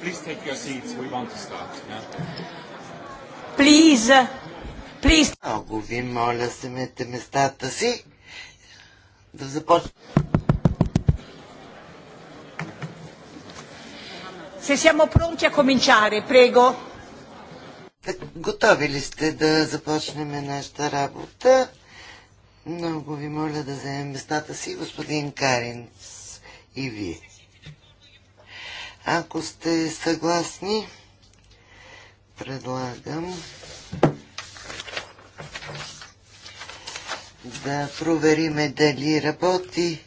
Please take your seats. We want to start. Yeah? Please. Uh, please. Много ви моля, семете местата си. Да започнем. Se siamo pronti a cominciare, prego. Готови ли сте да започнем нашата работа? Много ви моля да вземем местата си, господин Каринс и вие. Ако сте съгласни, предлагам да провериме дали работи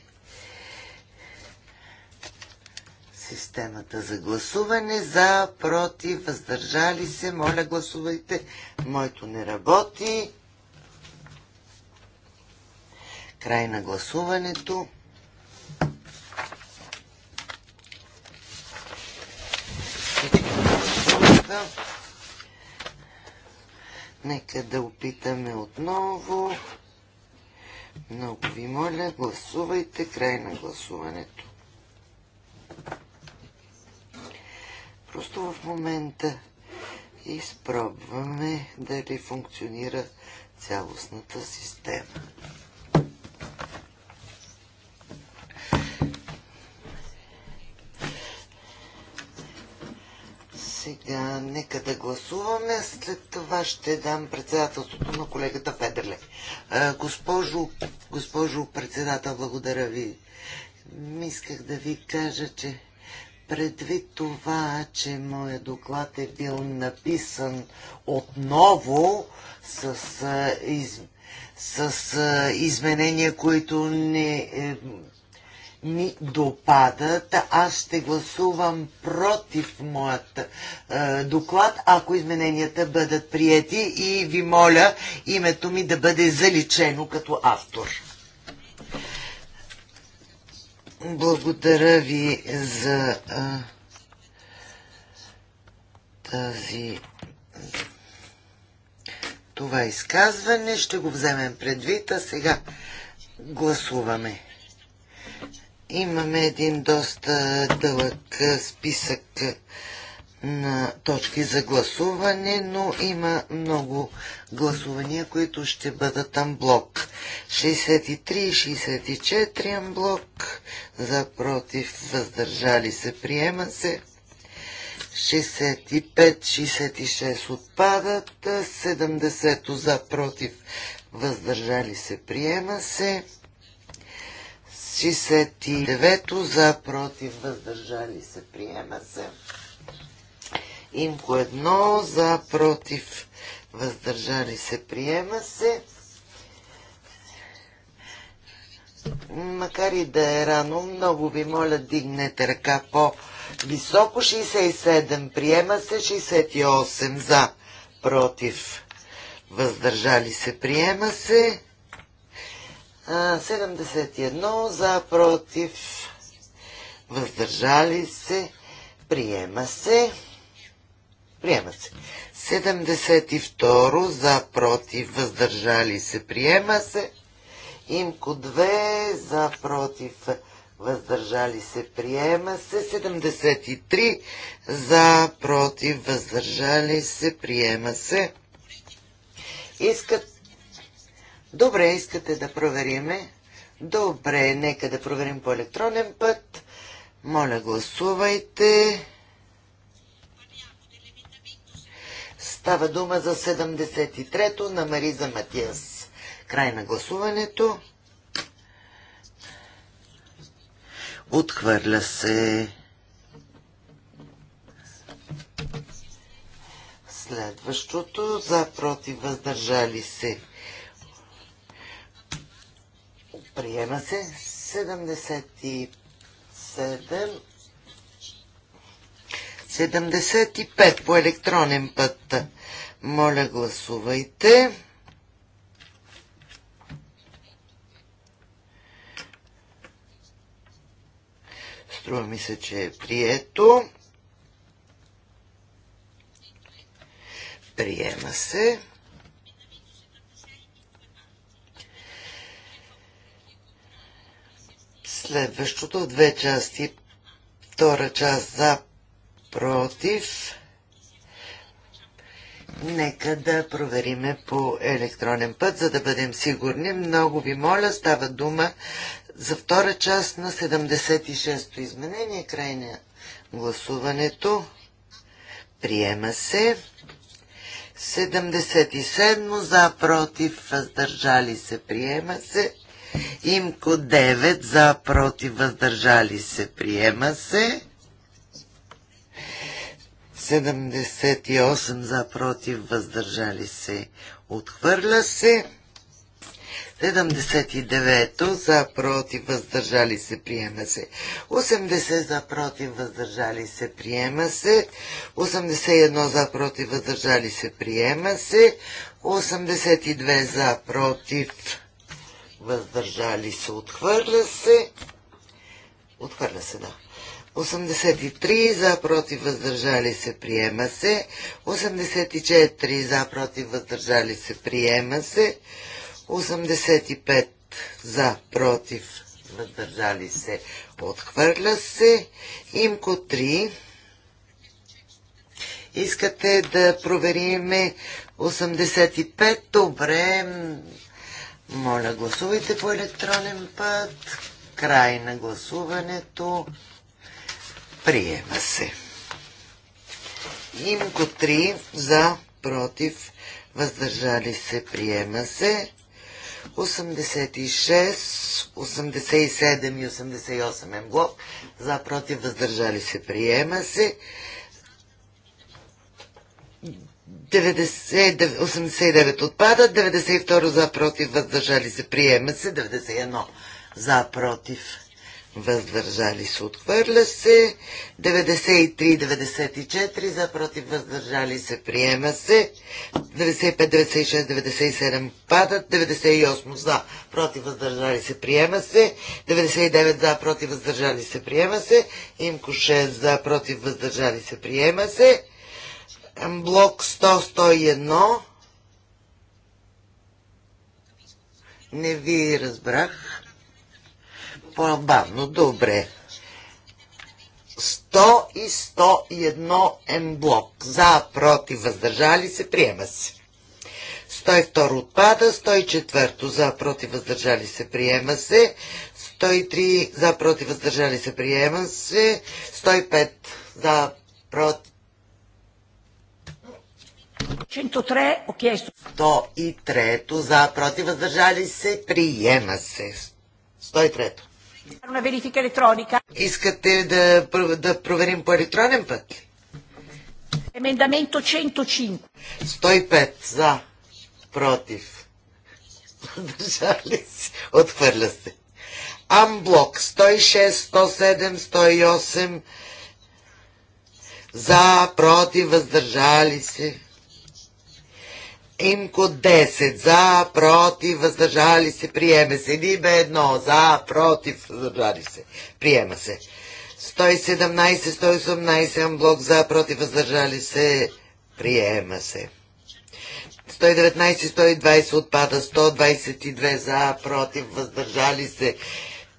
системата за гласуване. За, против, въздържали се. Моля, гласувайте. Моето не работи. Край на гласуването. Да. Нека да опитаме отново. Много ви моля, гласувайте край на гласуването. Просто в момента изпробваме дали функционира цялостната система. Сега нека да гласуваме. След това ще дам председателството на колегата Федерле. Госпожо, госпожо председател, благодаря ви. Мисках да ви кажа, че предвид това, че моят доклад е бил написан отново с, с, из, с изменения, които не е, ми допадат. Аз ще гласувам против моят е, доклад, ако измененията бъдат прияти и ви моля името ми да бъде заличено като автор. Благодаря ви за е, тази това изказване. Ще го вземем предвид, а сега гласуваме. Имаме един доста дълъг списък на точки за гласуване, но има много гласувания, които ще бъдат амблок. 63 и 64 амблок, за против, въздържали се, приема се. 65-66 отпадат, 70 за против, въздържали се, приема се. 69 за против въздържали се приема се. Имко едно за против въздържали се приема се. Макар и да е рано, много ви моля дигнете ръка по високо 67 приема се 68 за против въздържали се приема се 71 за против въздържали се приема се приема се 72 за против въздържали се приема се имко 2 за против въздържали се приема се 73 за против въздържали се приема се искат Добре, искате да провериме. Добре, нека да проверим по електронен път. Моля, гласувайте. Става дума за 73-то на Мариза Матиас. Край на гласуването. Отхвърля се. Следващото за против въздържали се. Приема се 77. 75 по електронен път. Моля, гласувайте. Струва ми се, че е прието. Приема се. Следващото в две части. Втора част за против. Нека да провериме по електронен път, за да бъдем сигурни. Много ви моля, става дума за втора част на 76-то изменение, край на гласуването. Приема се. 77 за, против, въздържали се, приема се. Имко 9 за против въздържали се приема се. 78 за против въздържали се отхвърля се. 79 за против въздържали се приема се. 80 за против въздържали се приема се. 81 за против въздържали се приема се. 82 за против въздържали се, отхвърля се. Отхвърля се, да. 83 за против въздържали се приема се. 84 за против въздържали се приема се. 85 за против въздържали се отхвърля се. Имко 3. Искате да провериме 85. Добре, моля, гласувайте по електронен път. Край на гласуването. Приема се. Имко 3 за, против, въздържали се, приема се. 86, 87 и 88 блок. За, против, въздържали се, приема се. 90, 89 отпадат, 92 за против, въздържали се, приема се, 91 за против, въздържали се, отхвърля се, 93-94 за против, въздържали се, приема се, 95-96-97 падат, 98 за против, въздържали се, приема се, 99 за против, въздържали се, приема се, имко 6 за против, въздържали се, приема се, блок 100-101. Не ви разбрах. По-бавно, добре. 100 и 101 М блок. За, против, въздържали се, приема се. 102 отпада, 104 за, против, въздържали се, приема се. 103 за, против, въздържали се, приема се. 105 за, против, 103 103 за, против, въздържали се, приема се. 103 Искате да, да проверим по електронен път? Емендаменто 105. 105 за, против. Въздържали се, отхвърля се. Амблок 106, 107, 108 за, против, въздържали се. Имко 10. За, против, въздържали се, приема се. Либе едно. За, против, въздържали се, приема се. 117, 118, амблок за, против, въздържали се, приема се. 119, 120 отпада, 122 за, против, въздържали се,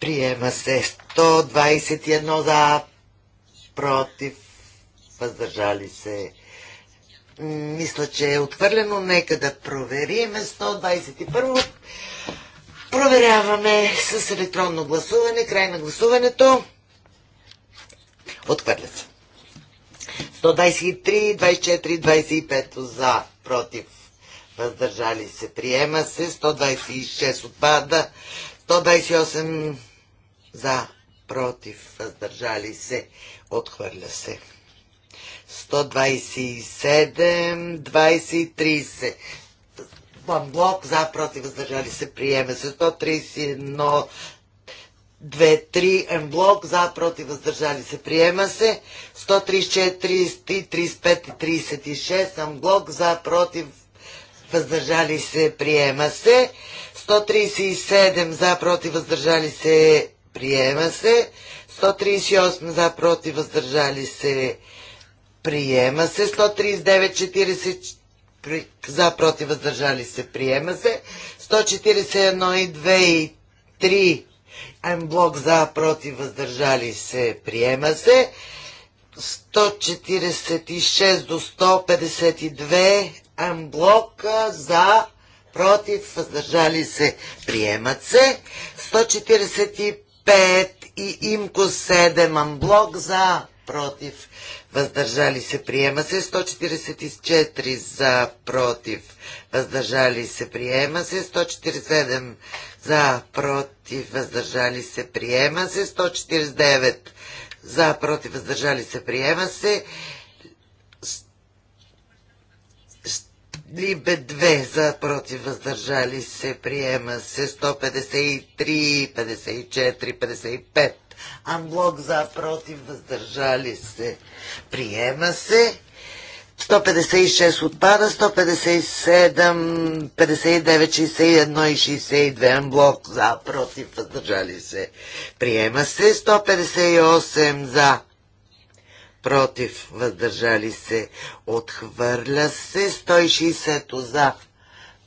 приема се. 121 за, против, въздържали се, мисля, че е отхвърлено. Нека да провериме. 121. Проверяваме с електронно гласуване. Край на гласуването. Отхвърля се. 123, 24, 25 за, против, въздържали се. Приема се. 126 отпада. 128 за, против, въздържали се. Отхвърля се. 127, 20 и 30. блок за, против, въздържали се, приеме се. 131, 2, 3, блок за, против, въздържали се, приема се. 134, 35 и 36, М блок за, против, въздържали се, приема се. 137 за, против, въздържали се, приема се. 138 за, против, въздържали се, приема се. Приема се 139-40 за против въздържали се. Приема се 141 и 2 и 3 Амблок за против въздържали се. Приема се 146 до 152 Амблок за против въздържали се. Приемат се 145 и имко 7 Амблок за против въздържали се, приема се. 144 за, против, въздържали се, приема се. 147 за, против, въздържали се, приема се. 149 за, против, въздържали се, приема се. Либе 2 за против въздържали се приема се 153, 54, 55 Анблок за, против, въздържали се. Приема се. 156 отпада, 157, 59, 61 и 62 анблок за, против, въздържали се. Приема се 158 за, против, въздържали се. Отхвърля се 160 за,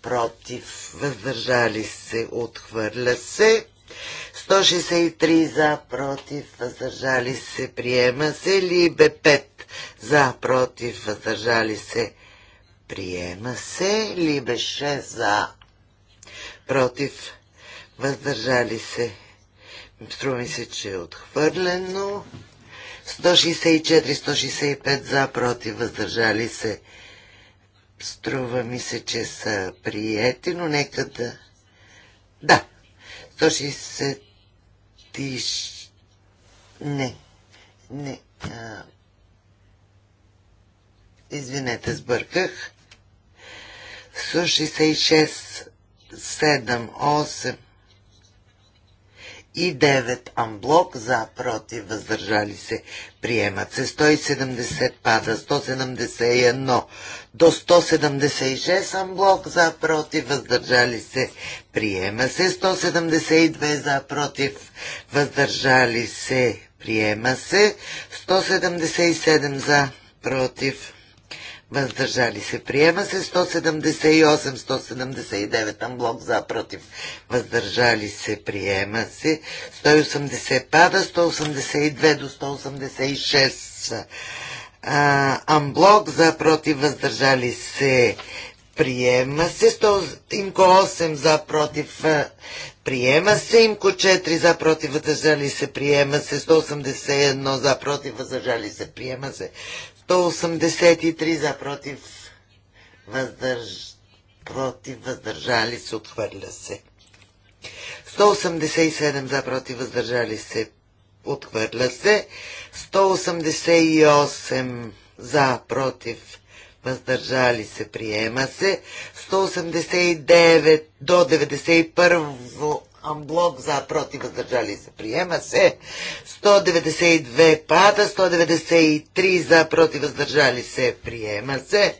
против, въздържали се. Отхвърля се. 163 за, против, въздържали се, приема се. Либе 5 за, против, въздържали се, приема се. Либе 6 за, против, въздържали се. Струва ми се, че е отхвърлено. 164-165 за, против, въздържали се. Струва ми се, че са приети, но нека да... Да, 160 пиш... Не. Не. А... Извинете, сбърках. 166, 7, 8, и 9 амблок за, против, въздържали се, приемат се. 170 пада, 171 до 176 амблок за, против, въздържали се, приема се. 172 за, против, въздържали се, приема се. 177 за, против, въздържали се. Приема се 178, 179 амблок за, против, въздържали се. Приема се 180 пада, 182 до 186 а, амблок за, против, въздържали се. Приема се 100, 8 за против Приема се имко 4 за против въздържали се. Приема се 181 за против въздържали се. Приема се 183 за против въздърж... против въздържали се отхвърля се. 187 за против въздържали се отхвърля се. 188 за против въздържали се приема се. 189 до 91 Амблок за против въздържали се. Приема се. 192 пада. 193 за против въздържали се. Приема се.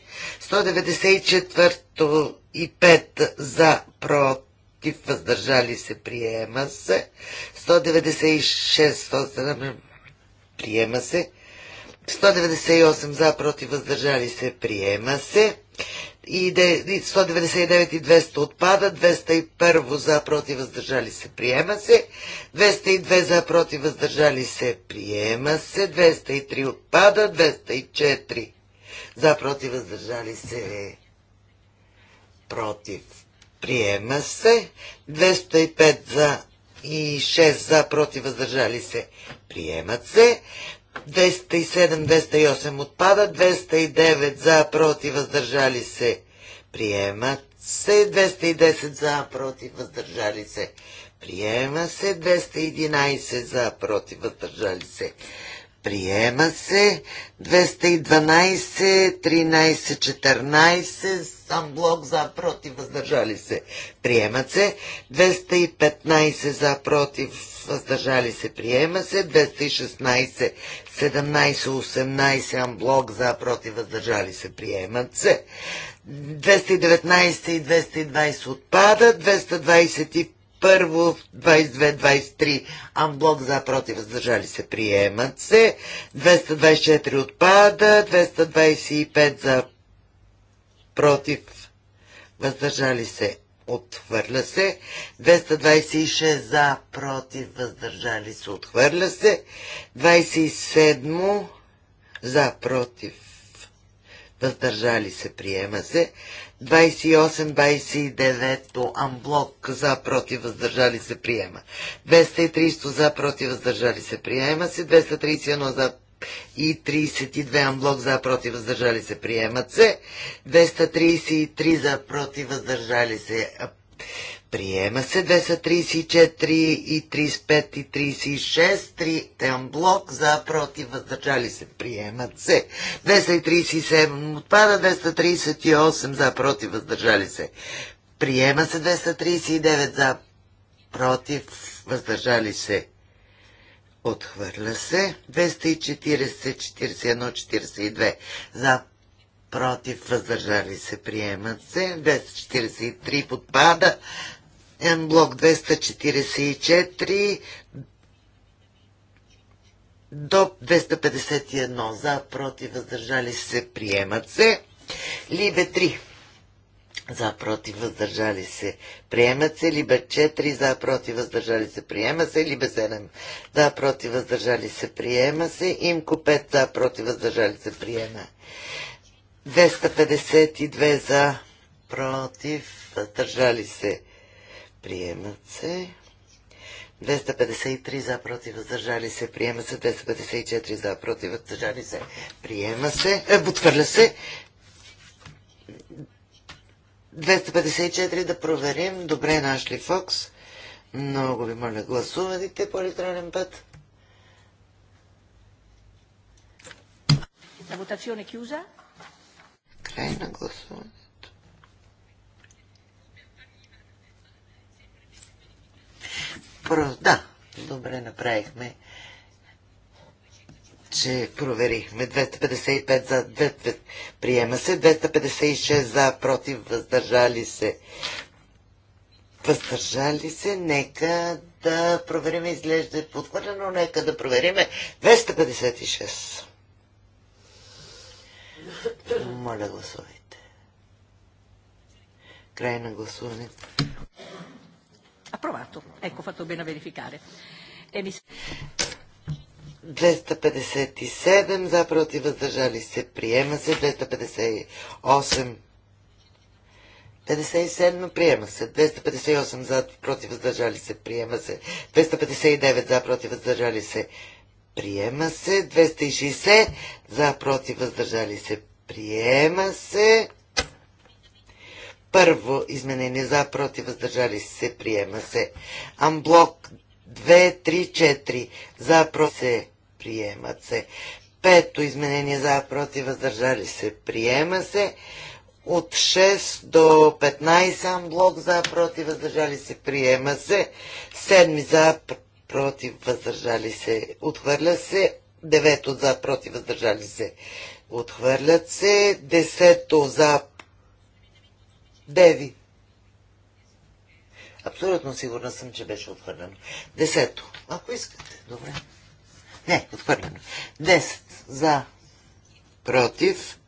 194 и 5 за против въздържали се. Приема се. 196 107, приема се. 198 за против въздържали се. Приема се и 199 и 200 отпада, 201 за против въздържали се, приема се, 202 за против въздържали се, приема се, 203 отпада, 204 за против въздържали се, против, приема се, 205 за и 6 за против въздържали се, приемат се, 207-208 отпада, 209 за, против, въздържали се, приемат се, 210 за, против, въздържали се, приема се, 211 за, против, въздържали се, приема се, 212, 13, 14, сам блок за, против, въздържали се, приемат се, 215 за, против, въздържали се, приема се. 216, 17, 18 амблок за, против, въздържали се, приемат се. 219 и 220 отпадат. 225 първо 22-23 амблок за против въздържали се приемат се 224 отпада 225 за против въздържали се отхвърля се. 226 за, против, въздържали се, отхвърля се. 27 за, против, въздържали се, приема се. 28-29 амблок за против въздържали се приема. 230 за против въздържали се приема се. 231 за и 32 амблок за против въздържали се приемат се. 233 за против въздържали се приема се. 234 и 35 и 36 3 амблок за против въздържали се приемат се. 237 отпада. 238 за против въздържали се приема се. 239 за против въздържали се Отхвърля се. 240, 41, 42 за против, въздържали се, приемат се. 243 подпада. М-блок 244 до 251 за против, въздържали се, приемат се. Либе 3 за против въздържали се. Приема се ли бе 4 за против въздържали се. Приема се ли бе 7 за против въздържали се. Приема се. Имко 5 за против въздържали се. Приема. 252 за против въздържали се. Приемат се. 253 за против въздържали се. Приема се. 254 за против въздържали се. Приема се. Е, отхвърля се. 254 да проверим. Добре нашли Фокс. Много ви моля, гласувайте по електронен път. Край на гласуването. Да, добре направихме че проверихме. 255 за 2, приема се, 256 за против, въздържали се. Въздържали се, нека да проверим, изглежда е подхвърлено, нека да проверим. 256. Моля, гласувайте. Край на гласуване. Апровато. Еко, fatto на верификаре. 257 за против въздържали се. Приема се 258. 57 приема се. 258 за против въздържали се. Приема се. 259 за против въздържали се. Приема се. 260 за против въздържали се. Приема се. Първо изменение за против въздържали се. Приема се. Амблок 2, 3, 4. За против се приемат се. Пето изменение за, против, въздържали се, приема се. От 6 до 15 блок за, против, въздържали се, приема се. Седми за, против, въздържали се, отхвърля се. Девето за, против, въздържали се, отхвърлят се. Десето за, деви. Абсолютно сигурна съм, че беше отхвърлено. Десето. Ако искате. Добре. Не, отхвърляме. 10 за, против,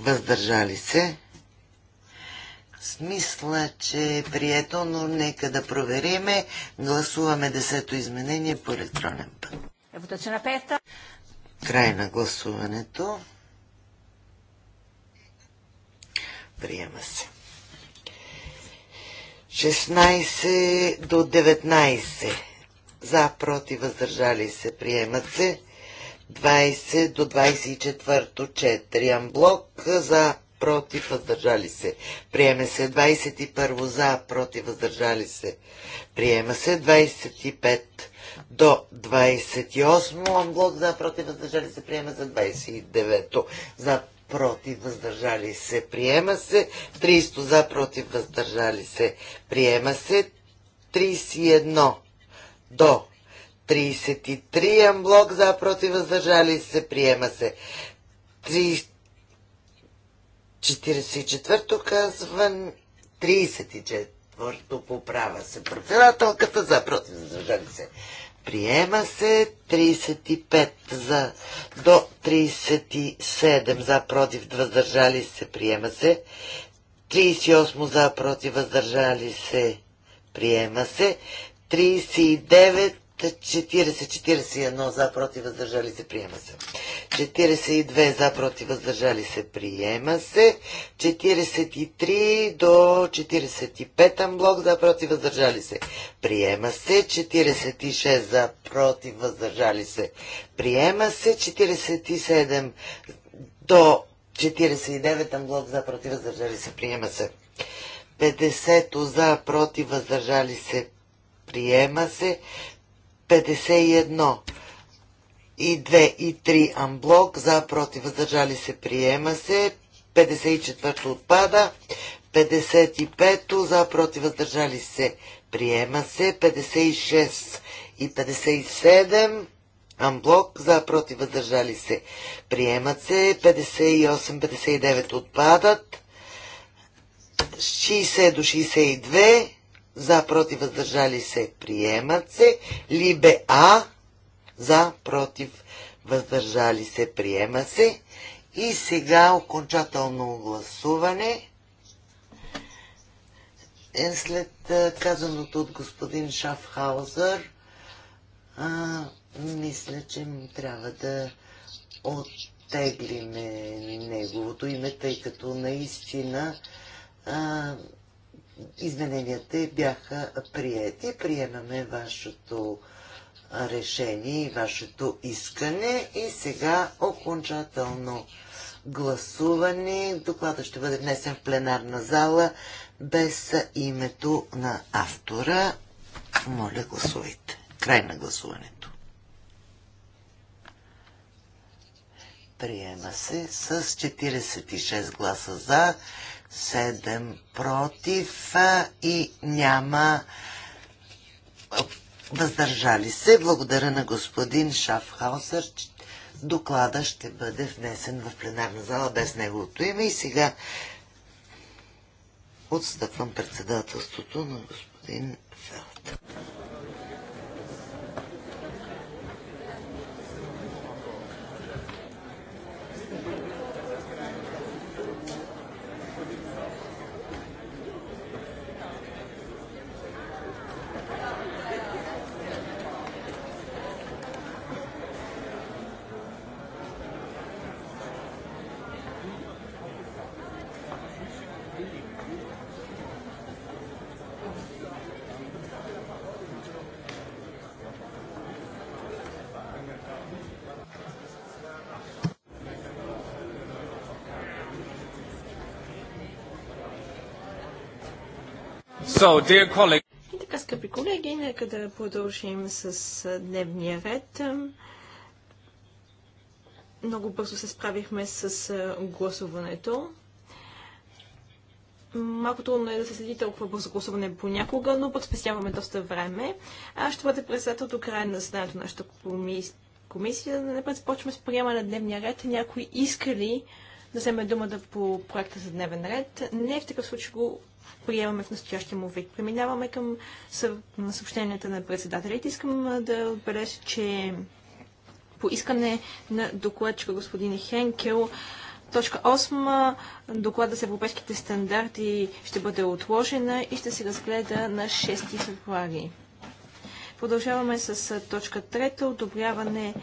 въздържали се. Смисла, че е прието, но нека да провериме. Гласуваме 10-то изменение по електронен път. Край на гласуването. Приема се. 16 до 19 за, против, въздържали се, приемат се. 20 до 24 то 4 амблок за, против, въздържали се. Приеме се 21 за, против, въздържали се. Приема се 25 до 28 амблок за, против, въздържали се. Приема се 29 за, против, въздържали се. Приема се 30 за, против, въздържали се. Приема се 31 до 33 амблок за против въздържали се приема се. 44-то казвам, 34-то поправа се председателката за против въздържали се. Приема се 35 за до 37 за против въздържали се. Приема се 38 за против въздържали се. Приема се 39, 40, 41 за, против, въздържали се, приема се. 42 за, против, въздържали се, приема се. 43 до 45 амблок за, против, въздържали се, приема се. 46 за, против, въздържали се, приема се. 47 до 49 амблок за, против, въздържали се, приема се. 50 за, против, въздържали се, приема се 51 и 2 и 3 амблок за против въздържали се приема се 54 отпада 55 за против въздържали се приема се 56 и 57 Амблок за против въздържали се. Приемат се 58-59 отпадат. 60 до 62 за против въздържали се приемат се. Либе А за против въздържали се приема се. И сега окончателно гласуване. Е след казаното от господин Шафхаузър, а, мисля, че трябва да оттеглиме неговото име, тъй като наистина а, измененията бяха приети. Приемаме вашето решение и вашето искане. И сега окончателно гласуване. Доклада ще бъде внесен в пленарна зала без името на автора. Моля, гласувайте. Край на гласуването. Приема се с 46 гласа за, 7 против и няма въздържали се. Благодаря на господин Шафхаусър. Доклада ще бъде внесен в пленарна зала без неговото име. И сега отстъпвам председателството на господин Фелт. So, И така, скъпи колеги, нека да продължим с дневния ред. Много бързо се справихме с гласуването. Малко трудно е да се следи толкова бързо гласуване понякога, но пък спестяваме доста време. Аз ще бъде председател до края на знанието на нашата комисия. Да не предпочваме с приема на дневния ред. Някой иска ли да вземе думата по проекта за дневен ред. Не в такъв случай го приемаме в настоящия му вид. Преминаваме към съобщенията на председателите. Искам да отбележа, че по искане на докладчика господин Хенкел, Точка 8. Доклада с европейските стандарти ще бъде отложена и ще се разгледа на 6 февруари. Продължаваме с точка 3. Одобряване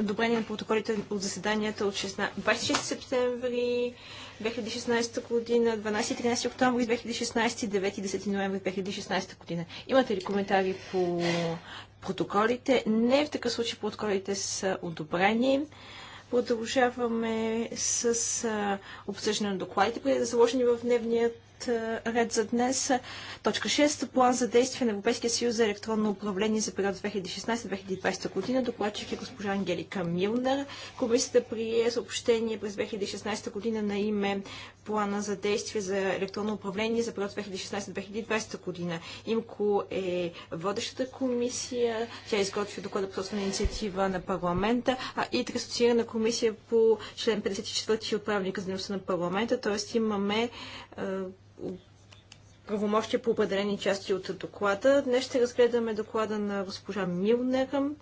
одобрение на протоколите от заседанията от 16... 26 септември 2016 година, 12 13 октомври 2016, 9 и 10 ноември 2016 година. Имате ли коментари по протоколите? Не, в такъв случай протоколите са одобрени. Продължаваме с обсъждане на докладите, които са заложени в дневният ред за днес. Точка 6. План за действие на Европейския съюз за електронно управление за период 2016-2020 година. Докладчик е госпожа Ангелика Милнер. Комисията прие съобщение през 2016 година на име Плана за действие за електронно управление за период 2016-2020 година. ИМКО е водещата комисия. Тя изготвя доклада по собствена инициатива на парламента, а и асоциирана комисия по член 54 от правилника за дейността на парламента, т.е. имаме правомощия по определени части от доклада. Днес ще разгледаме доклада на госпожа Милнерам.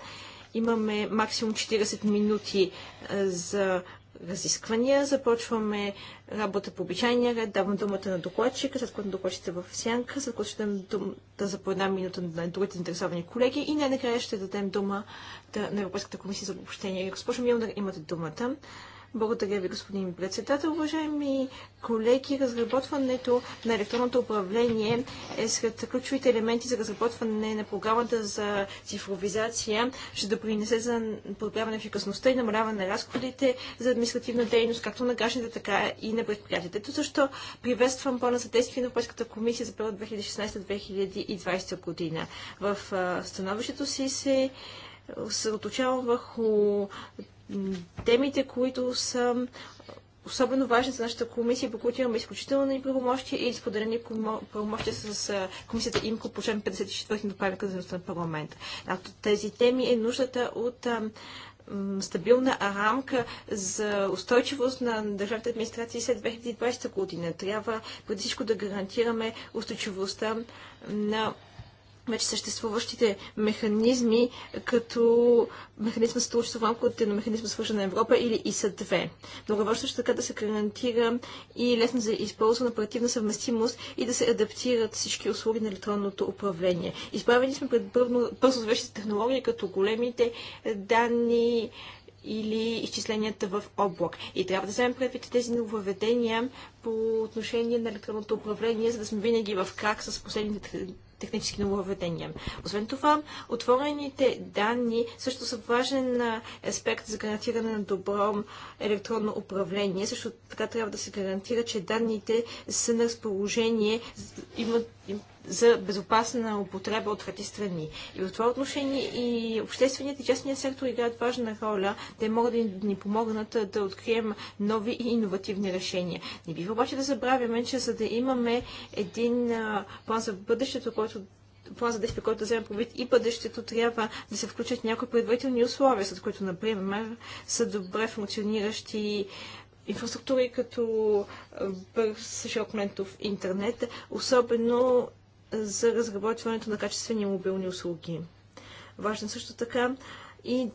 Имаме максимум 40 минути е, за разисквания. Започваме работа по обичайния ред. Давам думата на докладчика, след което докладчите в сянка, след което ще дадем думата за по една минута на другите интересовани колеги и най-накрая ще дадем дума на Европейската комисия за обобщение. Госпожа Милнер, имате думата. Благодаря ви, господин председател. Уважаеми колеги, разработването на електронното управление е сред ключовите елементи за разработване на програмата за цифровизация. Ще допринесе за подобряване на ефикасността и намаляване на разходите за административна дейност, както на гражданите, така и на предприятията. Ето защо приветствам плана за действие на Европейската комисия за период 2016-2020 година. В становището си се съсредоточавам върху темите, които са особено важни за нашата комисия, по които имаме изключителни правомощия и изподелени правомощия с комисията ИМКО по член 54 на правилника за на парламента. тези теми е нуждата от стабилна рамка за устойчивост на държавните администрации след 2020 година. Трябва преди всичко да гарантираме устойчивостта на вече съществуващите механизми, като механизма сътрудничество в рамките на механизма на Европа или ИСА-2. Много важно също така е да се гарантира и лесно за използване оперативна съвместимост и да се адаптират всички услуги на електронното управление. Изправени сме пред бързо завършите технологии, като големите данни, или изчисленията в облак. И трябва да вземем предвид тези нововведения по отношение на електронното управление, за да сме винаги в крак с последните технически нововведения. Освен това, отворените данни също са важен аспект за гарантиране на добро електронно управление. Също така трябва да се гарантира, че данните са на разположение, имат, имат за безопасна употреба от трети страни. И в това отношение и общественият и частният сектор играят важна роля. Те могат да ни, да ни помогнат да открием нови и иновативни решения. Не бива обаче да забравяме, че за да имаме един план за бъдещето, който план за действие, който да вземе предвид и бъдещето, трябва да се включат някои предварителни условия, след които, например, са добре функциониращи инфраструктури като бърз широколентов интернет, особено за разработването на качествени мобилни услуги. Важно е също така и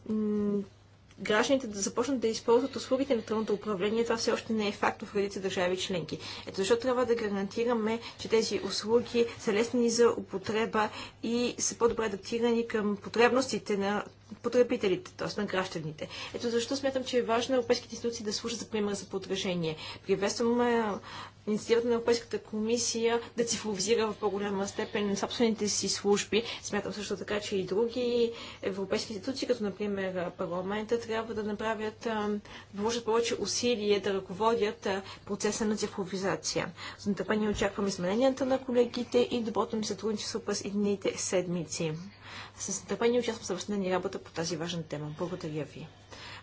гражданите да започнат да използват услугите на тълното управление, това все още не е факт в редица държави членки. Ето защо трябва да гарантираме, че тези услуги са лесни за употреба и са по-добре адаптирани към потребностите на потребителите, т.е. на гражданите. Ето защо смятам, че е важно европейските институции да служат за пример за подражение. Приветствам инициативата на Европейската комисия да цифровизира в по-голяма степен собствените си служби. Смятам също така, че и други европейски институции, като например парламента, трябва да направят, да вложат повече усилие да ръководят процеса на цифровизация. С нетърпение очаквам измененията на колегите и доброто ми сътрудничество през едните седмици. С нетърпение участвам в работа работа по тази важна тема. Благодаря ви.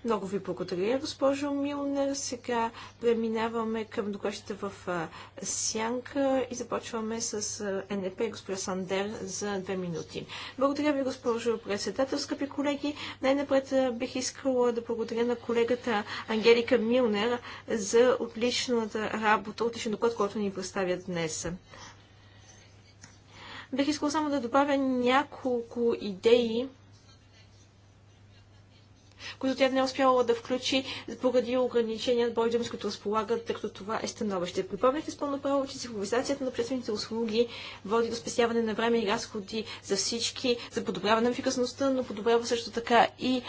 Много ви благодаря, госпожо Милнер. Сега преминаваме към докладчите в Сянка и започваме с НДП и госпожа Сандер за две минути. Благодаря ви, госпожо председател, скъпи колеги. Най-напред бих искала да благодаря на колегата Ангелика Милнер за отличната работа, отличен доклад, който ни представя днес. Бих искала само да добавя няколко идеи, които тя не е успяла да включи поради ограничения брой думи, които разполагат, тъй като това е становище. Припомняте с пълно право, че цифровизацията на обществените услуги води до спестяване на време и разходи за всички, за подобряване на ефикасността, но подобрява също така и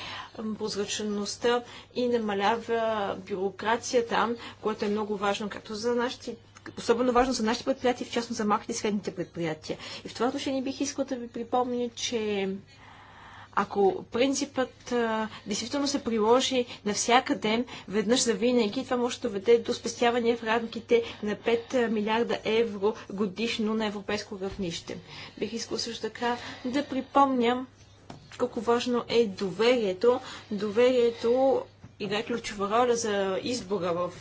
прозрачността и намалява бюрокрацията, което е много важно както за нашите особено важно за нашите предприятия, в частност за малките и средните предприятия. И в това отношение бих искала да ви припомня, че ако принципът а, действително се приложи навсякъде, веднъж за винаги, това може да веде до спестяване в рамките на 5 милиарда евро годишно на европейско равнище. Бих искал също така да припомням колко важно е доверието. Доверието играе ключова роля за избора в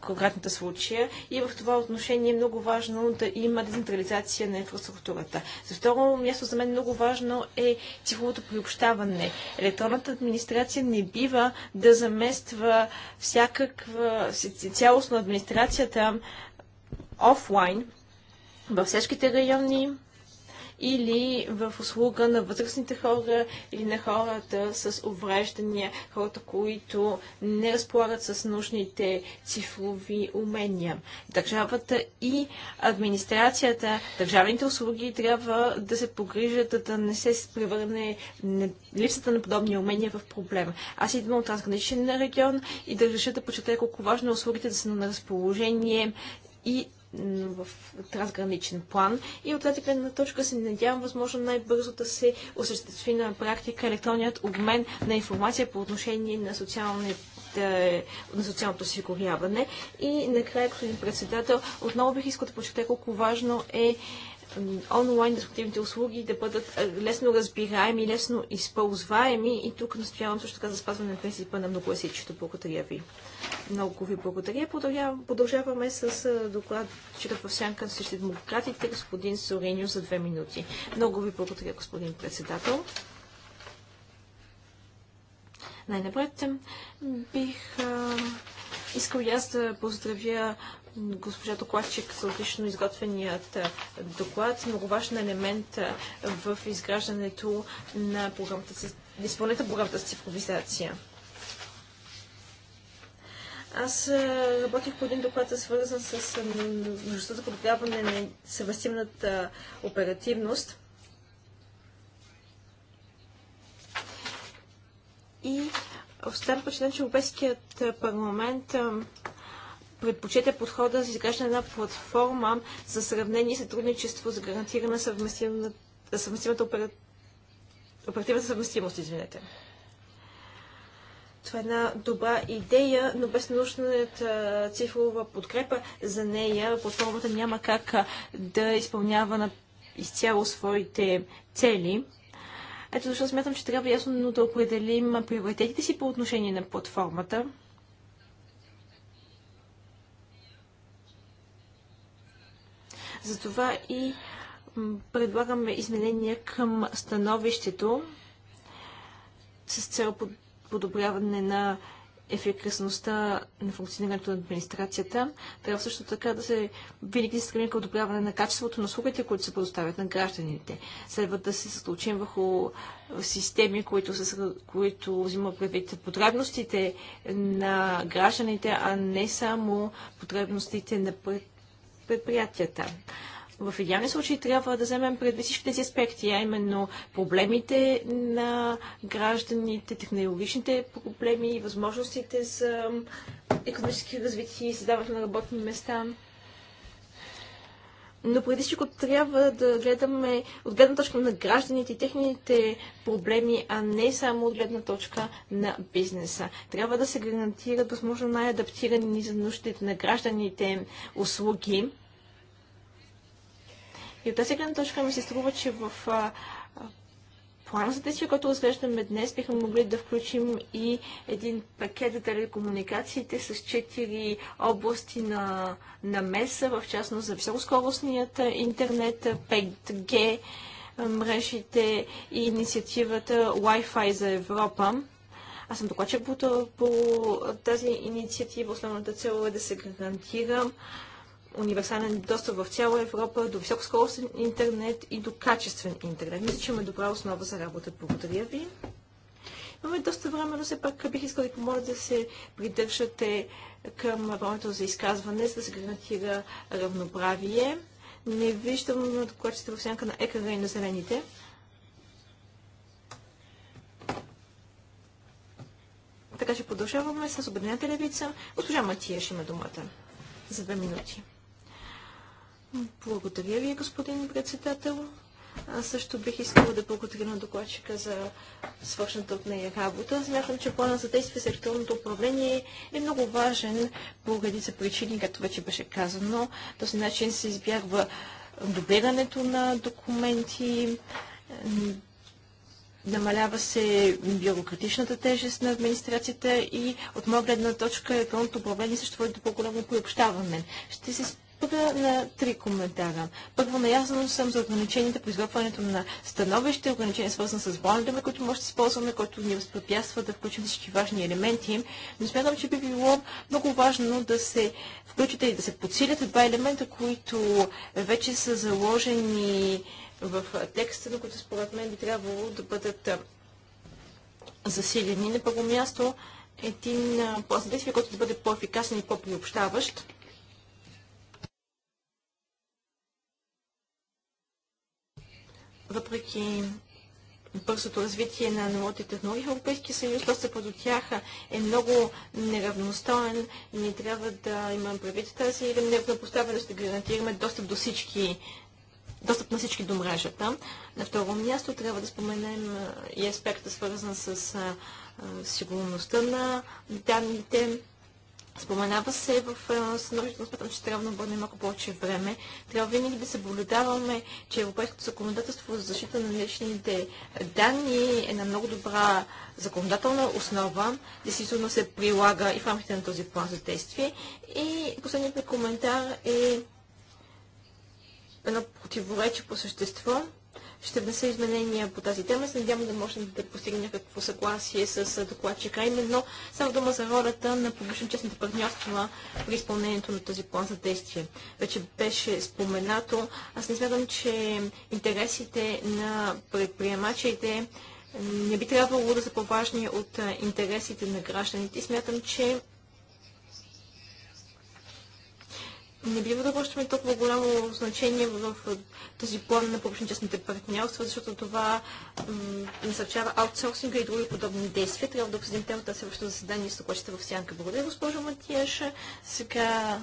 конкретната случая и в това отношение е много важно да има децентрализация на инфраструктурата. За второ място за мен много важно е цифровото приобщаване. Електронната администрация не бива да замества всякаква цялостна администрацията офлайн във всичките райони, или в услуга на възрастните хора или на хората с увреждания, хората, които не разполагат с нужните цифрови умения. Държавата и администрацията, държавните услуги трябва да се погрижат да не се превърне липсата на подобни умения в проблем. Аз идвам от разграничен регион и държа да почета колко важно е услугите да са на разположение и в трансграничен план. И от тази гледна точка се надявам възможно най-бързо да се осъществи на практика електронният обмен на информация по отношение на социалните на социалното осигуряване. И накрая, господин председател, отново бих искал да подчертая колко важно е онлайн дискутивните услуги да бъдат е, лесно разбираеми, лесно използваеми и тук настоявам също така за спазване на принципа на многоязичието. Благодаря ви. Много ви благодаря. Продължаваме с е, доклад че в сянка на същите демократите, господин Сориньо за две минути. Много ви благодаря, господин председател. Най-напред бих а, е, искал и аз да поздравя госпожа докладчик за отлично изготвеният е, доклад. Много важен елемент е, в изграждането на програмата, изпълнението на програмата с цифровизация. Аз е, работих по един доклад, свързан с нуждата за подобряване на съвместимната оперативност. И оставам впечатлен, че Европейският парламент предпочете подхода за изграждане на платформа за сравнение и сътрудничество за гарантиране съвместимата, съвместимата опера... оперативна съвместимост. Извинете. Това е една добра идея, но без нужната цифрова подкрепа за нея платформата няма как да изпълнява на изцяло своите цели. Ето защо смятам, че трябва ясно да определим приоритетите си по отношение на платформата. Затова и предлагаме изменения към становището с цел подобряване на ефикасността на функционирането на администрацията. Трябва също така да се винаги се стремим към одобряване на качеството на услугите, които се предоставят на гражданите. Следва да се случим върху системи, които, с... които взима предвид потребностите на гражданите, а не само потребностите на пред предприятията. В идеален случай трябва да вземем предвид всички тези аспекти, а именно проблемите на гражданите, технологичните проблеми, възможностите за економически развитие и създаване на работни места но преди всичко трябва да гледаме от гледна точка на гражданите и техните проблеми, а не само от гледна точка на бизнеса. Трябва да се гарантират възможно най-адаптирани за нуждите на гражданите услуги. И от тази гледна точка ми се струва, че в план за действие, който разглеждаме днес, бихме могли да включим и един пакет за телекомуникациите с четири области на, на меса, в частност за високоскоростният интернет, 5G, мрежите и инициативата Wi-Fi за Европа. Аз съм докладчик по, по тази инициатива. Основната цел е да се гарантира универсален достъп в цяла Европа до високоскоростен интернет и до качествен интернет. Мисля, че имаме добра основа за работа. Благодаря ви. Имаме доста време, но все пак бих искал да помоля да се придържате към времето за изказване, за да се гарантира равноправие. Не виждам на докладчите в сянка на екара и на зелените. Така че продължаваме с обединената левица. Госпожа Матия ще има думата за две минути. Благодаря ви, господин председател. Аз също бих искала да благодаря на докладчика за свършната от нея работа. Смятам, че плана за действие за електронното управление е много важен по редица причини, както вече беше казано. Този начин се избягва добирането на документи, намалява се бюрократичната тежест на администрацията и от моя гледна точка електронното управление също води до по-голямо приобщаване. Ще се спра на три коментара. Първо, наясно съм за ограниченията по изготвянето на становище, ограничения свързан с бланда, които може да използваме, който ни възпрепятства да включим всички важни елементи. Но смятам, че би било много важно да се включите и да се подсилят два елемента, които вече са заложени в текста, на които според мен би трябвало да бъдат засилени. На първо място един план който да бъде по-ефикасен и по-приобщаващ. въпреки бързото развитие на новите технологии Европейския съюз, достъпът до тях е много неравностоен. Ние трябва да имаме предвид тази неравнопоставеност, да гарантираме достъп до всички достъп на всички до мрежата. На второ място трябва да споменем и аспекта свързан с сигурността на данните, Споменава се в е, становището, на смятам, че трябва да бъде малко повече време. Трябва винаги да съблюдаваме, че европейското законодателство за защита на личните данни е на много добра законодателна основа, действително се прилага и в рамките на този план за действие. И последният ми коментар е едно противоречие по същество. Ще внеса изменения по тази тема. Се надявам да можем да постигнем някакво съгласие с докладчика. Именно само дума за ролята на публично-честните партньорства при изпълнението на този план за действие. Вече беше споменато. Аз не смятам, че интересите на предприемачите не би трябвало да са по-важни от интересите на гражданите. Смятам, че не бива да връщаме толкова голямо значение в този план на публично-частните партньорства, защото това насърчава аутсорсинга и други подобни действия. Трябва да обсъдим темата следващото заседание с докладчета в сянка. Благодаря, госпожо Матиеша. Сега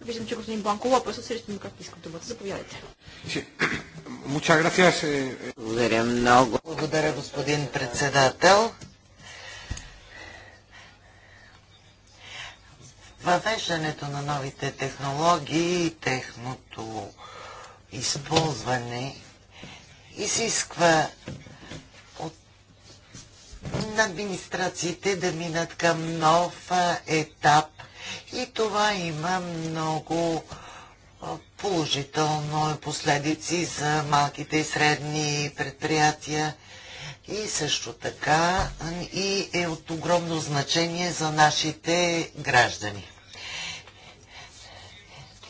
виждам, че господин Бланко Лопес от Срещу Демократ иска думата. Заповядайте. Благодаря много. Благодаря, господин председател. въвеждането на новите технологии и техното използване изисква от администрациите да минат към нов етап и това има много положително последици за малките и средни предприятия и също така и е от огромно значение за нашите граждани.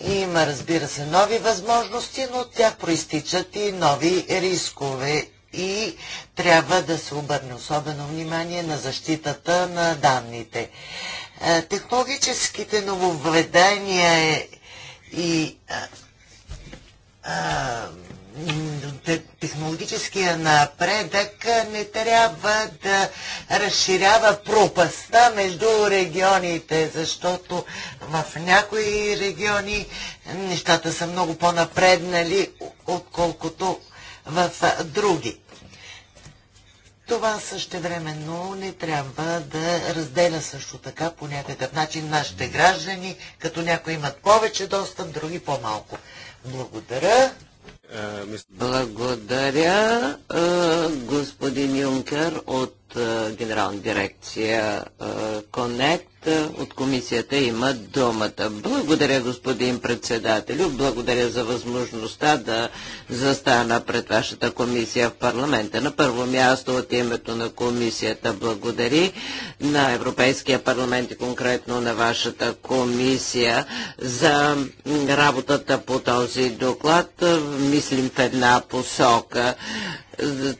Има, разбира се, нови възможности, но от тях проистичат и нови рискове и трябва да се обърне особено внимание на защитата на данните. Е, технологическите нововведения е и а, а, технологическия напредък не трябва да разширява пропаста между регионите, защото в някои региони нещата са много по-напреднали, отколкото в други. Това същевременно не трябва да разделя също така по някакъв начин нашите граждани, като някои имат повече достъп, други по-малко. Благодаря. Благодаря, господин Юнкер от Генерална дирекция Конект от комисията има думата. Благодаря, господин председателю. Благодаря за възможността да застана пред вашата комисия в парламента. На първо място от името на комисията благодари на Европейския парламент и конкретно на вашата комисия за работата по този доклад. Мисля, мислим в една посока.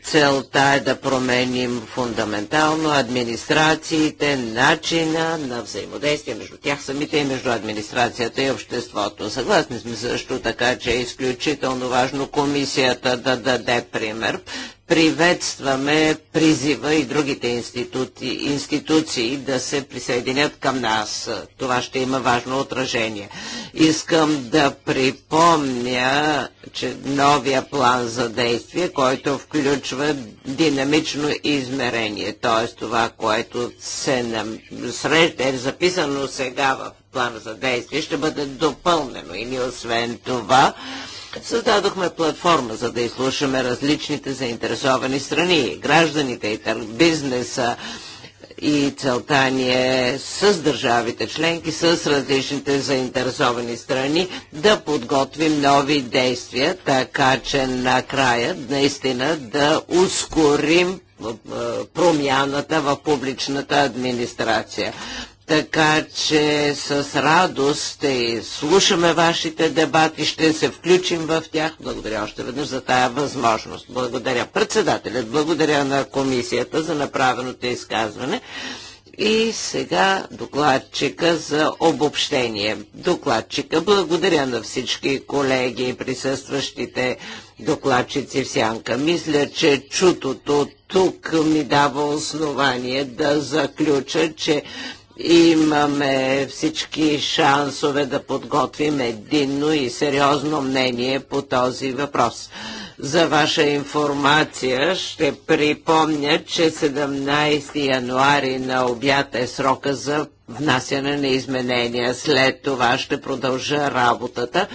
Целта е да променим фундаментално администрациите, начина на взаимодействие между тях самите и между администрацията и обществото. Съгласни сме също така, че е изключително важно комисията да даде пример. Приветстваме призива и другите институти, институции да се присъединят към нас. Това ще има важно отражение. Искам да припомня, че новия план за действие, който включва динамично измерение, т.е. това, което се нам... срежда, е записано сега в плана за действие, ще бъде допълнено. И ние освен това създадохме платформа, за да изслушаме различните заинтересовани страни, гражданите и бизнеса, и целта ни е с държавите членки, с различните заинтересовани страни да подготвим нови действия, така че накрая наистина да ускорим промяната в публичната администрация. Така че с радост ще слушаме вашите дебати, ще се включим в тях. Благодаря още веднъж за тая възможност. Благодаря председателят, благодаря на комисията за направеното изказване. И сега докладчика за обобщение. Докладчика, благодаря на всички колеги и присъстващите докладчици в сянка. Мисля, че чутото тук ми дава основание да заключа, че имаме всички шансове да подготвим единно и сериозно мнение по този въпрос. За ваша информация ще припомня, че 17 януари на обяд е срока за внасяне на изменения. След това ще продължа работата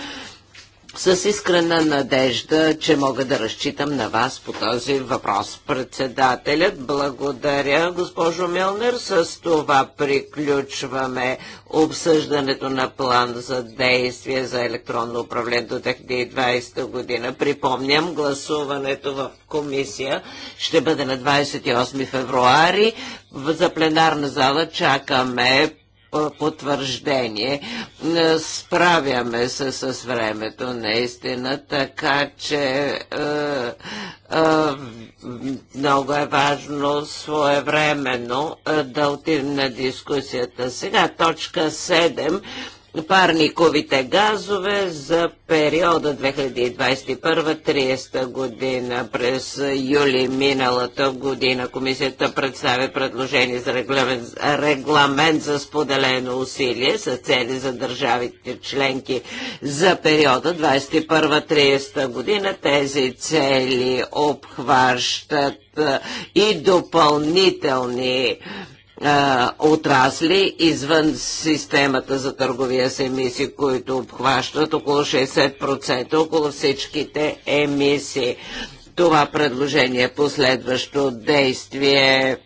с искрена надежда, че мога да разчитам на вас по този въпрос. Председателят, благодаря, госпожо Милнер. С това приключваме обсъждането на план за действие за електронно управление до 2020 година. Припомням, гласуването в комисия ще бъде на 28 февруари. За пленарна зала чакаме потвърждение. Е, справяме се с времето, наистина, така че е, е, много е важно своевременно е, да отидем на дискусията. Сега точка 7 парниковите газове за периода 2021-30 година. През юли миналата година комисията представи предложение за регламент, регламент за споделено усилие с цели за държавите членки за периода 2021-30 година. Тези цели обхващат и допълнителни отрасли извън системата за търговия с емисии, които обхващат около 60%, около всичките емисии. Това предложение е последващо действие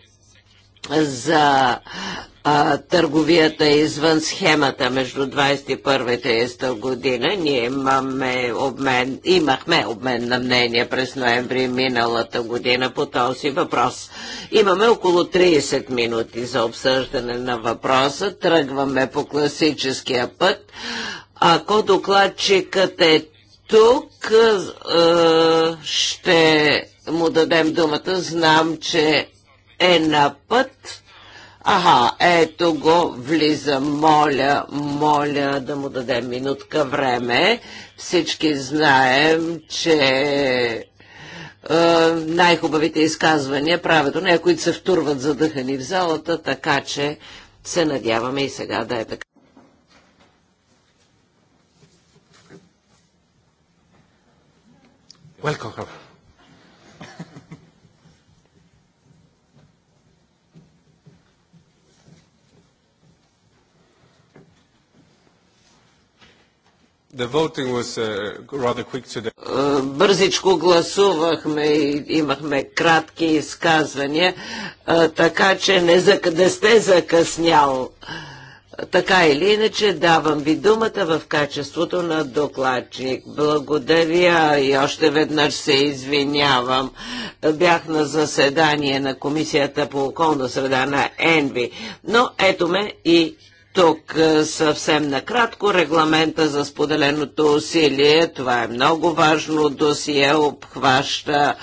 за а, търговията е извън схемата между 21 и 10-та година. Ние имаме обмен, имахме обмен на мнение през ноември миналата година по този въпрос. Имаме около 30 минути за обсъждане на въпроса. Тръгваме по класическия път. Ако докладчикът е тук, е, ще му дадем думата. Знам, че е на път Аха, ето го, влиза. Моля, моля да му дадем минутка време. Всички знаем, че е, най-хубавите изказвания правят у нея, които се втурват задъхани в залата, така че се надяваме и сега да е така. Welcome. Uh, е, бързичко гласувахме и имахме кратки изказвания, е, така че не, да сте закъснял. Така или иначе, давам ви думата в качеството на докладчик. Благодаря и още веднъж се извинявам. Бях на заседание на Комисията по околна среда на ЕНВИ, но ето ме и тук е, съвсем накратко регламента за споделеното усилие. Това е много важно досие, обхваща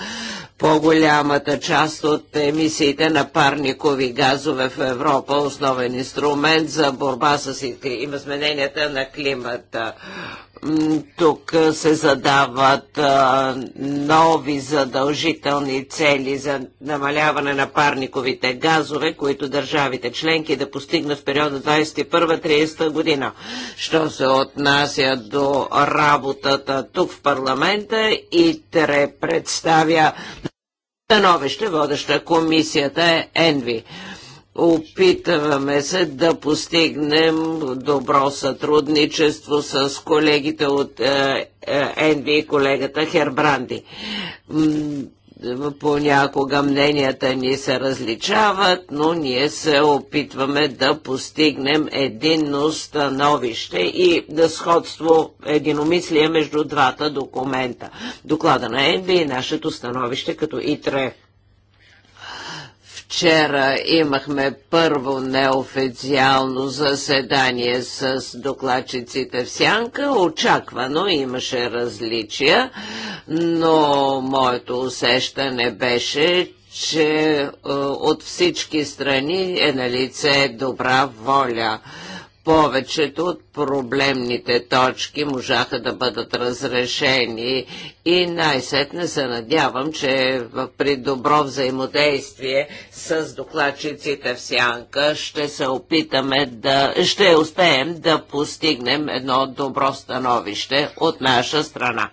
по-голямата част от емисиите на парникови газове в Европа, основен инструмент за борба с измененията на климата. Тук се задават а, нови задължителни цели за намаляване на парниковите газове, които държавите членки да постигнат в периода 21-30 година. Що се отнася до работата тук в парламента и тре представя становище, водеща комисията е ЕНВИ. Опитваме се да постигнем добро сътрудничество с колегите от е, е, Енви и колегата Хербранди. Понякога мненията ни се различават, но ние се опитваме да постигнем единно становище и да сходство единомислие между двата документа. Доклада на Енви и нашето становище като ИТРЕ. Вчера имахме първо неофициално заседание с докладчиците в Сянка. Очаквано имаше различия, но моето усещане беше, че е, от всички страни е на лице добра воля повечето от проблемните точки можаха да бъдат разрешени и най-сетне се надявам, че при добро взаимодействие с докладчиците в Сянка ще се опитаме да, ще успеем да постигнем едно добро становище от наша страна.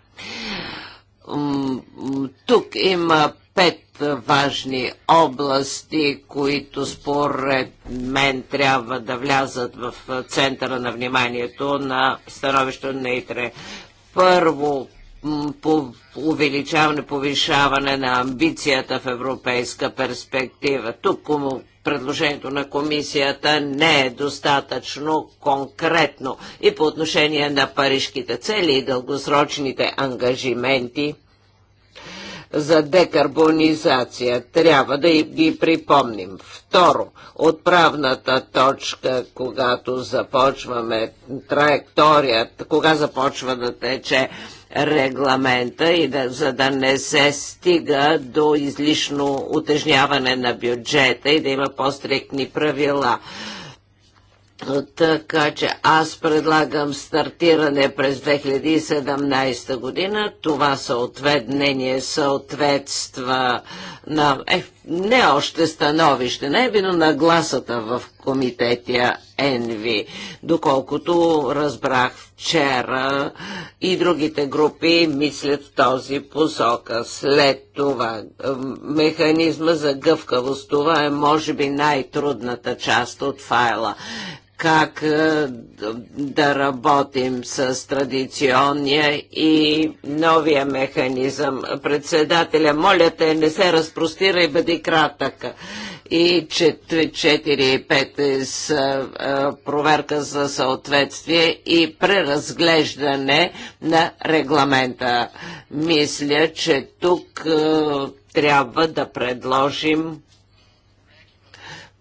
Тук има пет важни области, които според мен трябва да влязат в центъра на вниманието на становището на ИТРЕ. Първо, по увеличаване, повишаване на амбицията в европейска перспектива. Тук предложението на комисията не е достатъчно конкретно и по отношение на парижките цели и дългосрочните ангажименти за декарбонизация. Трябва да ги припомним. Второ, отправната точка, когато започваме траекторията, кога започва да тече регламента и да, за да не се стига до излишно утежняване на бюджета и да има по-стрикни правила. Така че аз предлагам стартиране през 2017 година. Това съответнение съответства на... Е, не още становище, не е на гласата в комитетия ЕНВИ. Доколкото разбрах вчера и другите групи мислят в този посока. След това е, механизма за гъвкавост, това е може би най-трудната част от файла как е, да работим с традиционния и новия механизъм. Председателя, моля те, не се разпростира и бъди кратък. И 4 и 5 с проверка за съответствие и преразглеждане на регламента. Мисля, че тук е, трябва да предложим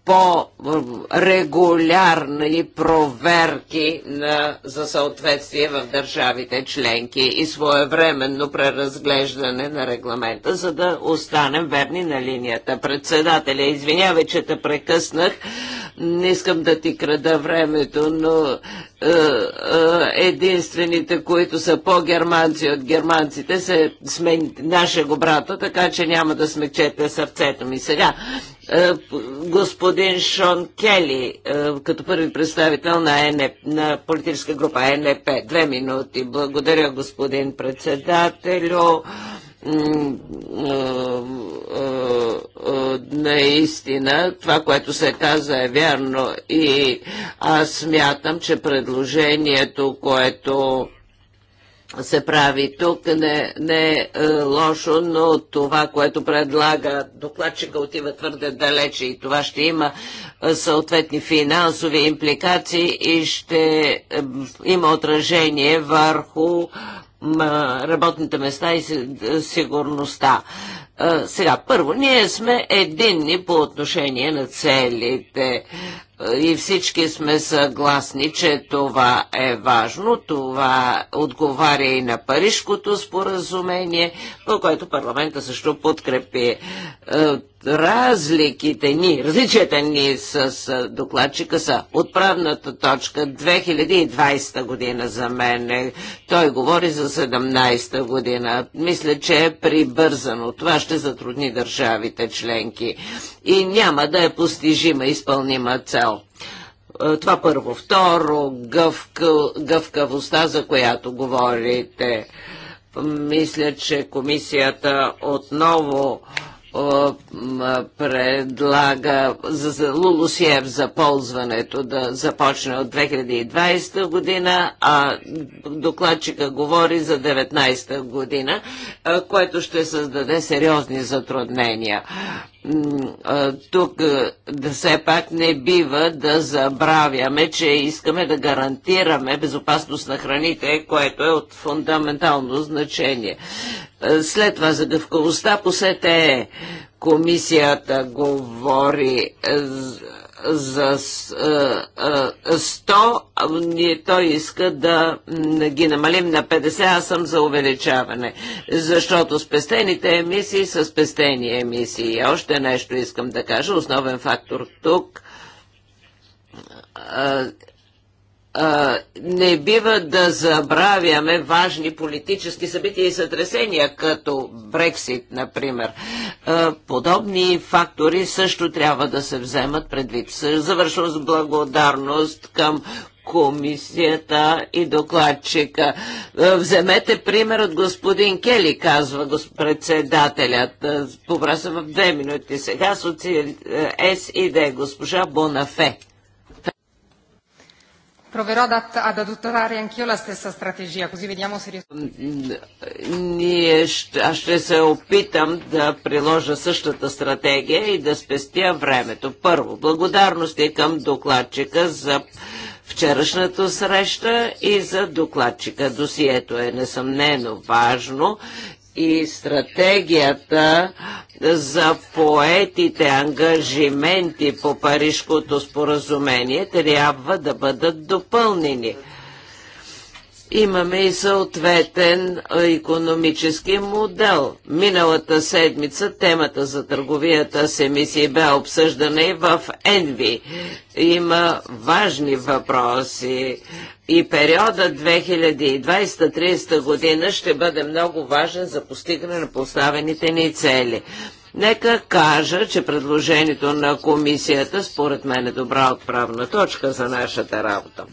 по-регулярни проверки на, за съответствие в държавите членки и своевременно преразглеждане на регламента, за да останем верни на линията. Председателя, извинявай, че те прекъснах, не искам да ти крада времето, но е, е, единствените, които са по-германци от германците, са сме нашего брата, така че няма да смекчете сърцето ми сега. Е, господин Шон Кели е, като първи представител на, НП, на политическа група НП. Две минути. Благодаря, господин председателю е, наистина това, което се каза е вярно и аз смятам, че предложението, което се прави тук. Не, не е лошо, но това, което предлага докладчика, отива твърде далече и това ще има е, съответни финансови импликации и ще е, има отражение върху е, работните места и сигурността. Сега, първо, ние сме единни по отношение на целите и всички сме съгласни, че това е важно. Това отговаря и на Парижското споразумение, по което парламента също подкрепи е, разликите ни, различията ни с, с докладчика са отправната точка 2020 година за мен. Той говори за 17 година. Мисля, че е прибързано. Това ще затрудни държавите членки и няма да е постижима изпълнима цел. Това първо. Второ, гъвка, гъвкавостта, за която говорите. Мисля, че комисията отново предлага за Лулусиев за ползването да започне от 2020 година, а докладчика говори за 2019 година, което ще създаде сериозни затруднения тук да все пак не бива да забравяме, че искаме да гарантираме безопасност на храните, което е от фундаментално значение. След това за гъвкавостта посете комисията говори за 100, той иска да ги намалим на 50, аз съм за увеличаване, защото спестените емисии са спестени емисии. И още нещо искам да кажа, основен фактор тук не бива да забравяме важни политически събития и сътресения, като Брексит, например. Подобни фактори също трябва да се вземат предвид. Завършвам с благодарност към комисията и докладчика. Вземете пример от господин Кели, казва председателят. Побраса в две минути. Сега СИД, е, С и Д, госпожа Бонафе proverò ad adottare anch'io la stessa strategia, così vediamo se riesco. Ние ще, аз ще се опитам да приложа същата стратегия и да спестя времето. Първо, благодарности към докладчика за вчерашната среща и за докладчика. Досието е несъмнено важно и стратегията за поетите ангажименти по Парижкото споразумение трябва да бъдат допълнени Имаме и съответен економически модел. Миналата седмица темата за търговията с емисии бе обсъждана и в Енви. Има важни въпроси и периода 2020-30 година ще бъде много важен за постигане на поставените ни цели. Нека кажа, че предложението на комисията според мен е добра отправна точка за нашата работа.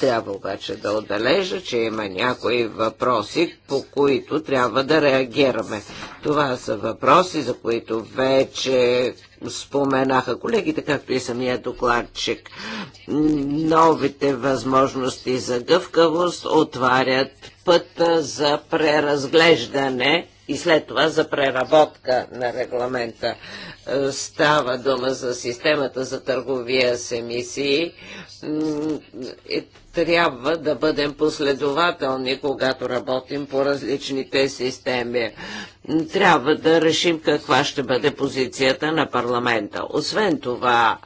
Трябва обаче да отбележа, че има някои въпроси, по които трябва да реагираме. Това са въпроси, за които вече споменаха колегите, както и самия докладчик. Новите възможности за гъвкавост отварят път за преразглеждане и след това за преработка на регламента. Е, става дума за системата за търговия с емисии. Е, трябва да бъдем последователни, когато работим по различните системи. Трябва да решим каква ще бъде позицията на парламента. Освен това,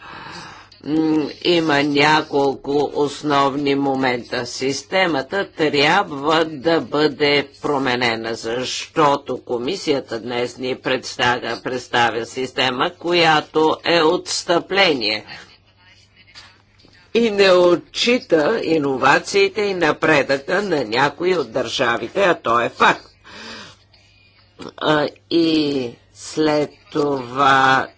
има няколко основни момента. Системата трябва да бъде променена, защото комисията днес ни представя, представя система, която е отстъпление и не отчита иновациите и напредъка на някои от държавите, а то е факт. И след това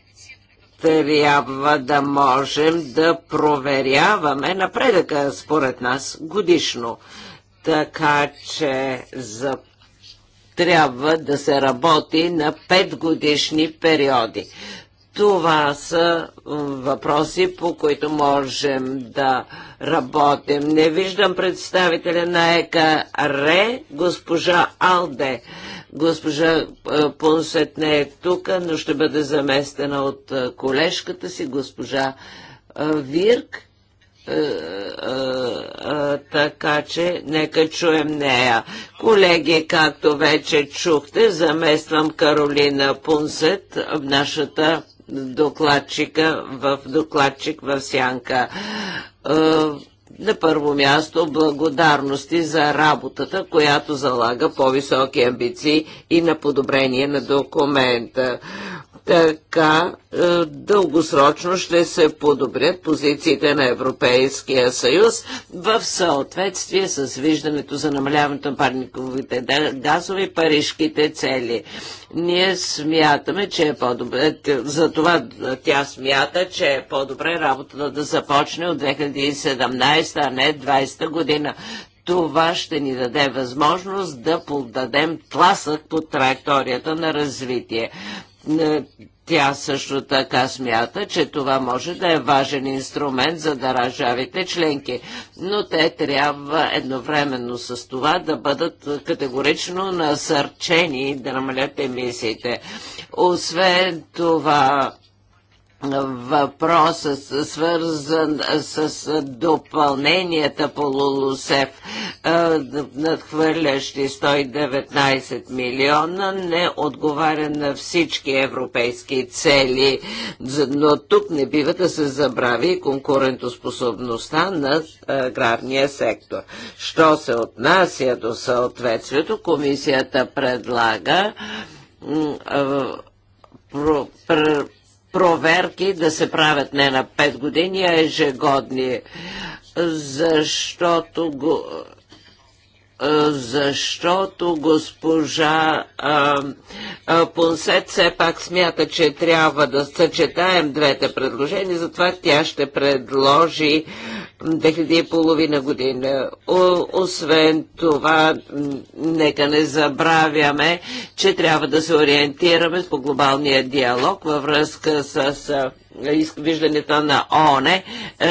трябва да можем да проверяваме напредъка, според нас, годишно. Така че за трябва да се работи на 5 годишни периоди. Това са въпроси, по които можем да работим. Не виждам представителя на РЕ, госпожа Алде. Госпожа е, Пунсет не е тук, но ще бъде заместена от е, колежката си, госпожа е, Вирк. Така че нека чуем нея. Колеги, както вече чухте, замествам Каролина Пунсет в нашата докладчика в докладчик в Сянка. Е, на първо място благодарности за работата, която залага по-високи амбиции и на подобрение на документа. Така е, дългосрочно ще се подобрят позициите на Европейския съюз в съответствие с виждането за намаляването на парниковите газови парижките цели. Ние смятаме, че е по-добре, е, затова тя смята, че е по-добре работата да започне от 2017, а не 2020 година. Това ще ни даде възможност да подадем тласък по траекторията на развитие е, тя също така смята, че това може да е важен инструмент за държавите членки, но те трябва едновременно с това да бъдат категорично насърчени да намалят емисиите. Освен това, въпроса, свързан с допълненията по Лулусев, надхвърлящи 119 милиона, не отговаря на всички европейски цели. Но тук не бива да се забрави конкурентоспособността на аграрния сектор. Що се отнася до съответствието, комисията предлага проверки да се правят не на 5 години, а ежегодни, защото го, защото госпожа Понсет все пак смята, че трябва да съчетаем двете предложения, затова тя ще предложи 2,5 година. О, освен това, нека не забравяме, че трябва да се ориентираме по глобалния диалог във връзка с виждането на ООН е,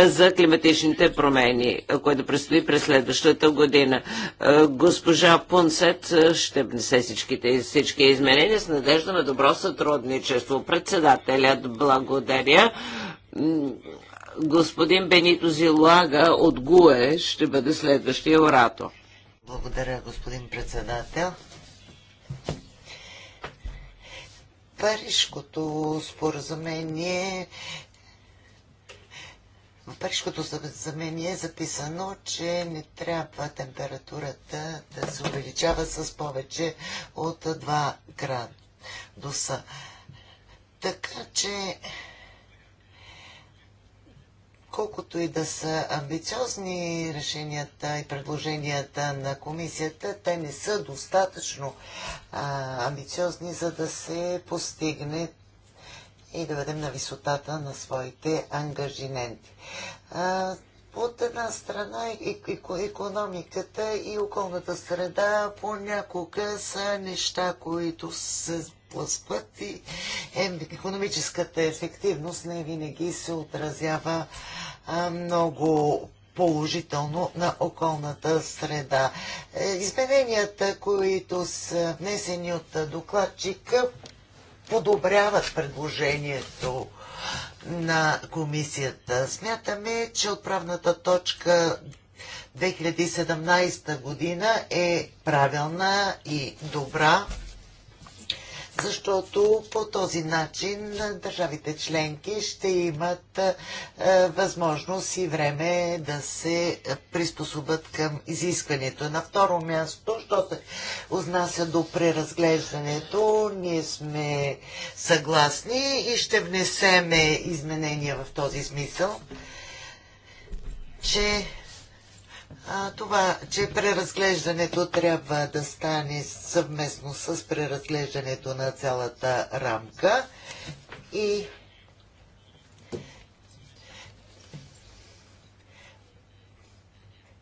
за климатичните промени, което предстои през следващата година. Е, госпожа Пунсет е, ще внесе всичките, всички изменения с надежда на добро сътрудничество. Председателят благодаря господин Бенито Зилага от ГУЕ ще бъде следващия оратор. Благодаря, господин председател. Парижкото споразумение в Парижкото мен е записано, че не трябва температурата да се увеличава с повече от 2 градуса. Така че колкото и да са амбициозни решенията и предложенията на комисията, те не са достатъчно а, амбициозни, за да се постигне и да бъдем на висотата на своите ангажименти от една страна е- е- е- економиката и околната среда понякога са неща, които се сблъскват и економическата ефективност не винаги се отразява много положително на околната среда. Измененията, които са внесени от докладчика, подобряват предложението на комисията. Смятаме, че отправната точка 2017 година е правилна и добра защото по този начин държавите членки ще имат е, възможност и време да се приспособят към изискването. На второ място, що се отнася до преразглеждането, ние сме съгласни и ще внесеме изменения в този смисъл, че а, това, че преразглеждането трябва да стане съвместно с преразглеждането на цялата рамка и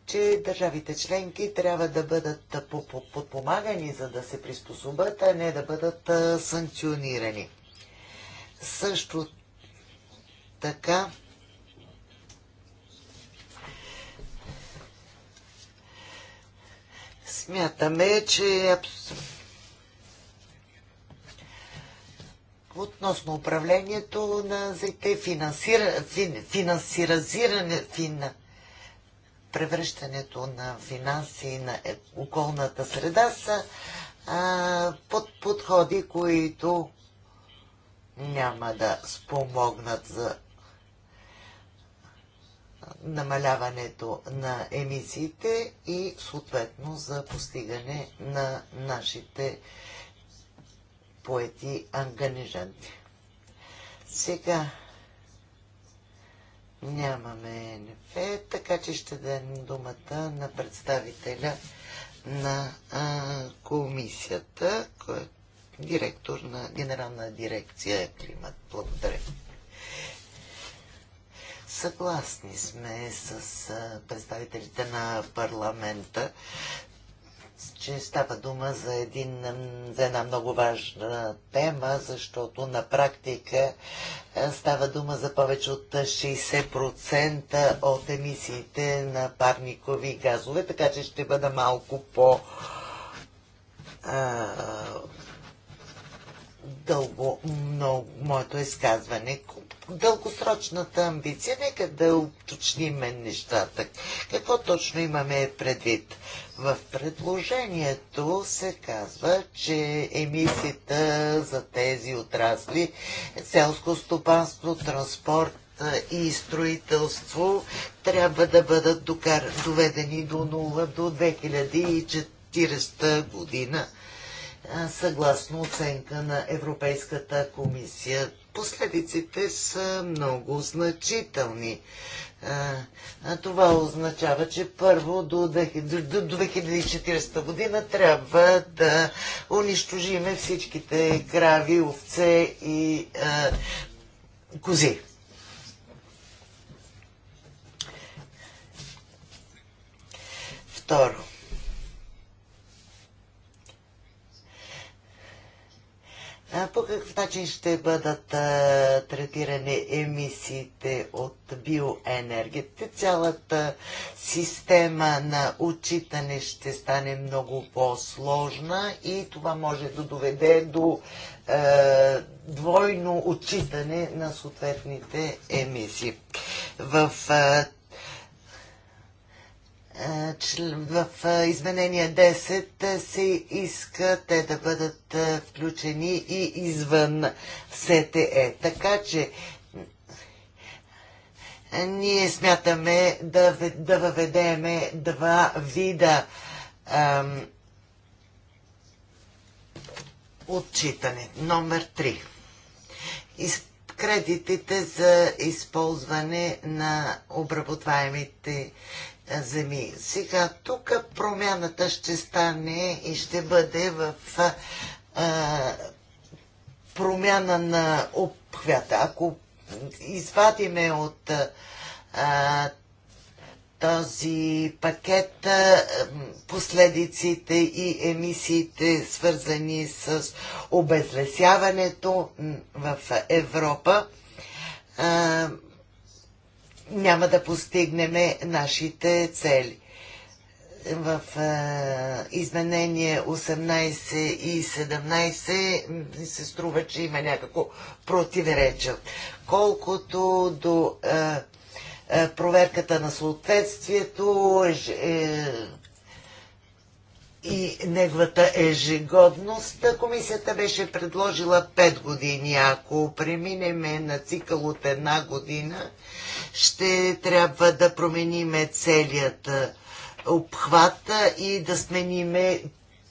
че държавите членки трябва да бъдат подпомагани, за да се приспособят, а не да бъдат санкционирани. Също така Смятаме, че е относно управлението на ЗТ, финансира, фин, финансиране, фин, превръщането на финанси на е, околната среда са а, под подходи, които няма да спомогнат за намаляването на емисиите и съответно за постигане на нашите поети ангажименти. Сега нямаме НФ, така че ще дадем думата на представителя на а, комисията, кой е директор на Генерална дирекция климат. Благодаря. Съгласни сме с представителите на парламента, че става дума за, един, за една много важна тема, защото на практика става дума за повече от 60% от емисиите на парникови газове, така че ще бъда малко по а, дълго много моето изказване дългосрочната амбиция, нека да уточним нещата. Какво точно имаме предвид? В предложението се казва, че емисията за тези отрасли, селско стопанство, транспорт, и строителство трябва да бъдат докар... доведени до 0 до 2040 година, съгласно оценка на Европейската комисия последиците са много значителни. А, това означава, че първо до 2040 година трябва да унищожиме всичките крави, овце и а, кози. Второ. По какъв начин ще бъдат третирани емисиите от биоенергията? Цялата система на отчитане ще стане много по-сложна и това може да доведе до а, двойно отчитане на съответните емисии. В а, е, в е, изменение 10 е, се иска те да бъдат включени и извън СТЕ. Така че ние смятаме да, да въведеме два вида ам, отчитане. Номер 3. Из, кредитите за използване на обработваемите земи. Сега тук промяната ще стане и ще бъде в а, промяна на обхвата. Ако извадиме от а, този пакет последиците и емисиите, свързани с обезлесяването в Европа, няма да постигнем нашите цели. В е, изменение 18 и 17 ми се струва, че има някакво противоречие. Колкото до е, е, проверката на съответствието е, е, и неговата ежегодност, комисията беше предложила 5 години. Ако преминеме на цикъл от една година, ще трябва да промениме целият обхват и да смениме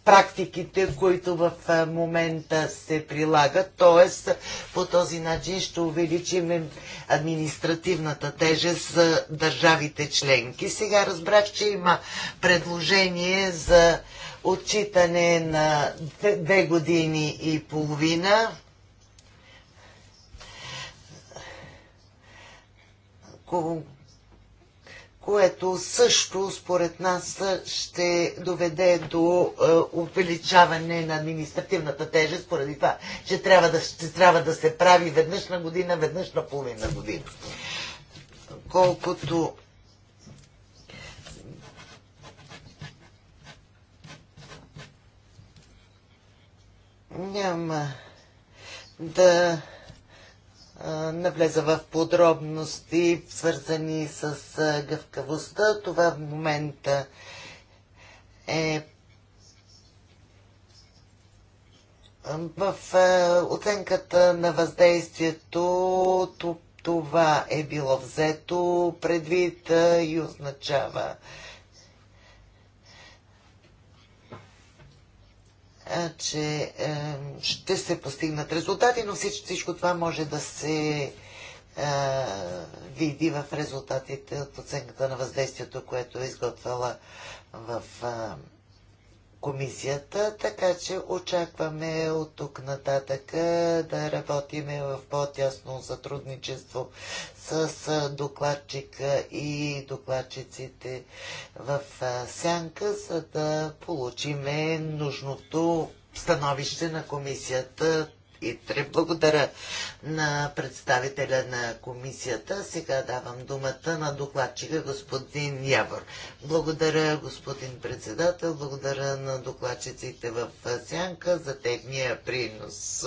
практиките, които в момента се прилагат. Тоест, по този начин ще увеличим административната тежест за държавите членки. Сега разбрах, че има предложение за отчитане на две години и половина което също според нас ще доведе до е, увеличаване на административната тежест, поради това, че трябва да, ще трябва да се прави веднъж на година, веднъж на половина година. Колкото няма да навлеза в подробности, свързани с гъвкавостта. Това в момента е в оценката на въздействието това е било взето предвид и означава че ще се постигнат резултати, но всичко, всичко това може да се види в резултатите от оценката на въздействието, което е изготвила в комисията, така че очакваме от тук нататък да работиме в по-тясно сътрудничество с докладчика и докладчиците в сянка, за да получиме нужното становище на комисията ИТРЕ. Благодаря на представителя на комисията. Сега давам думата на докладчика господин Явор. Благодаря господин председател, благодаря на докладчиците в Сянка за техния принос.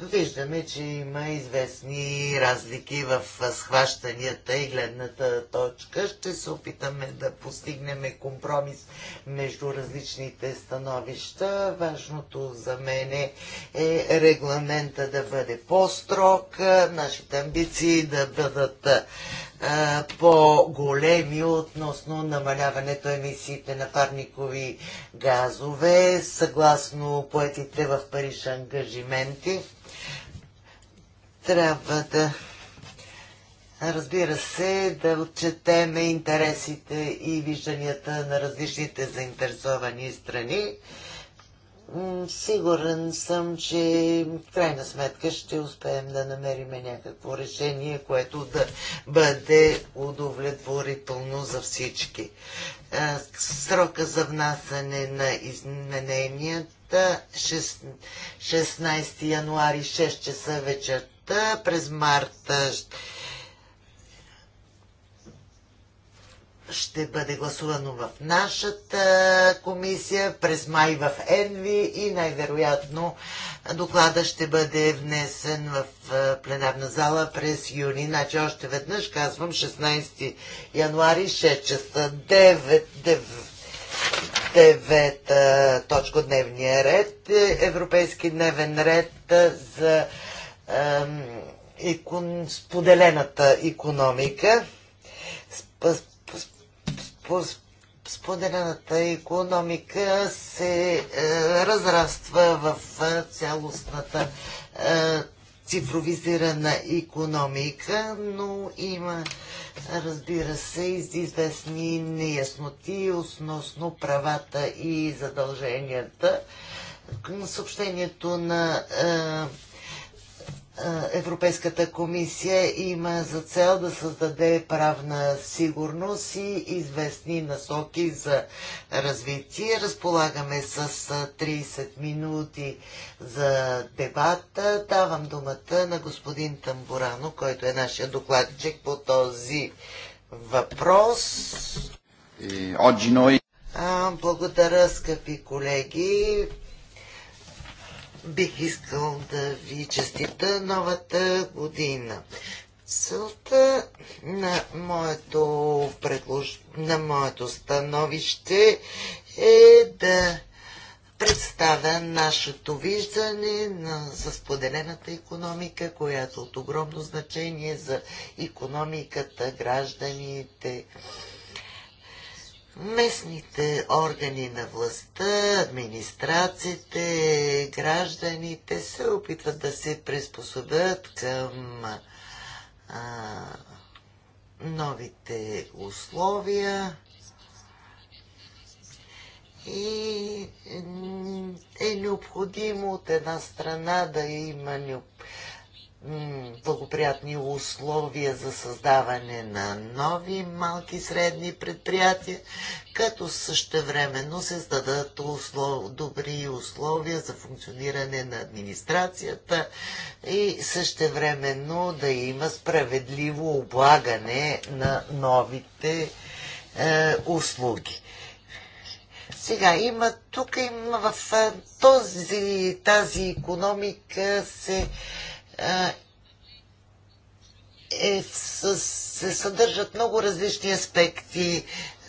Виждаме, че има известни разлики в схващанията и гледната точка. Ще се опитаме да постигнем компромис между различните становища. Важното за мен е регламент парламента да бъде по-строг, нашите амбиции да бъдат по-големи относно намаляването емисиите на парникови газове, съгласно поетите в Париж ангажименти. Трябва да разбира се, да отчетеме интересите и вижданията на различните заинтересовани страни Сигурен съм, че в крайна сметка ще успеем да намерим някакво решение, което да бъде удовлетворително за всички. Срока за внасане на измененията 16 януари 6 часа вечерта през марта ще бъде гласувано в нашата комисия, през май в Енви и най-вероятно доклада ще бъде внесен в пленарна зала през юни. Значи още веднъж казвам 16 януари 6 часа 9, 9 девета точка дневния ред, европейски дневен ред за е, икон, споделената економика споделената економика се е, разраства в е, цялостната е, цифровизирана економика, но има, разбира се, известни неясноти относно правата и задълженията. Съобщението на е, Европейската комисия има за цел да създаде правна сигурност и известни насоки за развитие. Разполагаме с 30 минути за дебата. Давам думата на господин Тамбурано, който е нашия докладчик по този въпрос. Благодаря, скъпи колеги. Бих искал да ви честита новата година. Целта на моето, предлож... на моето становище е да представя нашето виждане на, за споделената економика, която е от огромно значение за економиката, гражданите, местните органи на властта, администрациите, гражданите се опитват да се приспособят към а, новите условия и е необходимо от една страна да има необходимо благоприятни условия за създаване на нови малки и средни предприятия, като същевременно се създадат услов... добри условия за функциониране на администрацията и същевременно да има справедливо облагане на новите е, услуги. Сега има, тук има в е, този, тази економика се е, е се съдържат много различни аспекти.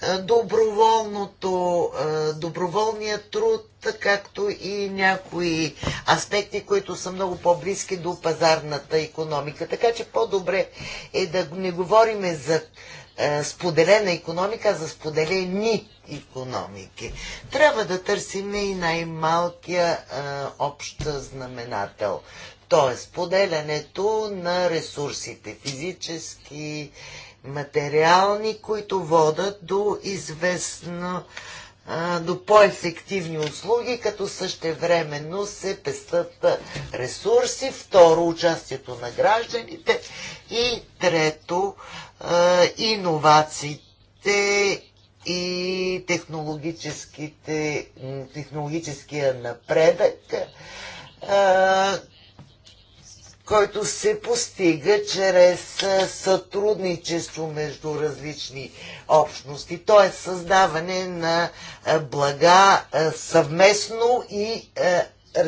Е, доброволното, е, доброволният труд, както и някои аспекти, които са много по-близки до пазарната економика. Така че по-добре е да не говориме за споделена економика, а за споделени економики. Трябва да търсим и най-малкия общ знаменател т.е. поделянето на ресурсите, физически, материални, които водат до известно до по-ефективни услуги, като същевременно се пестат ресурси, второ участието на гражданите и трето иновациите и технологическите, технологическия напредък, който се постига чрез сътрудничество между различни общности, т.е. създаване на блага съвместно и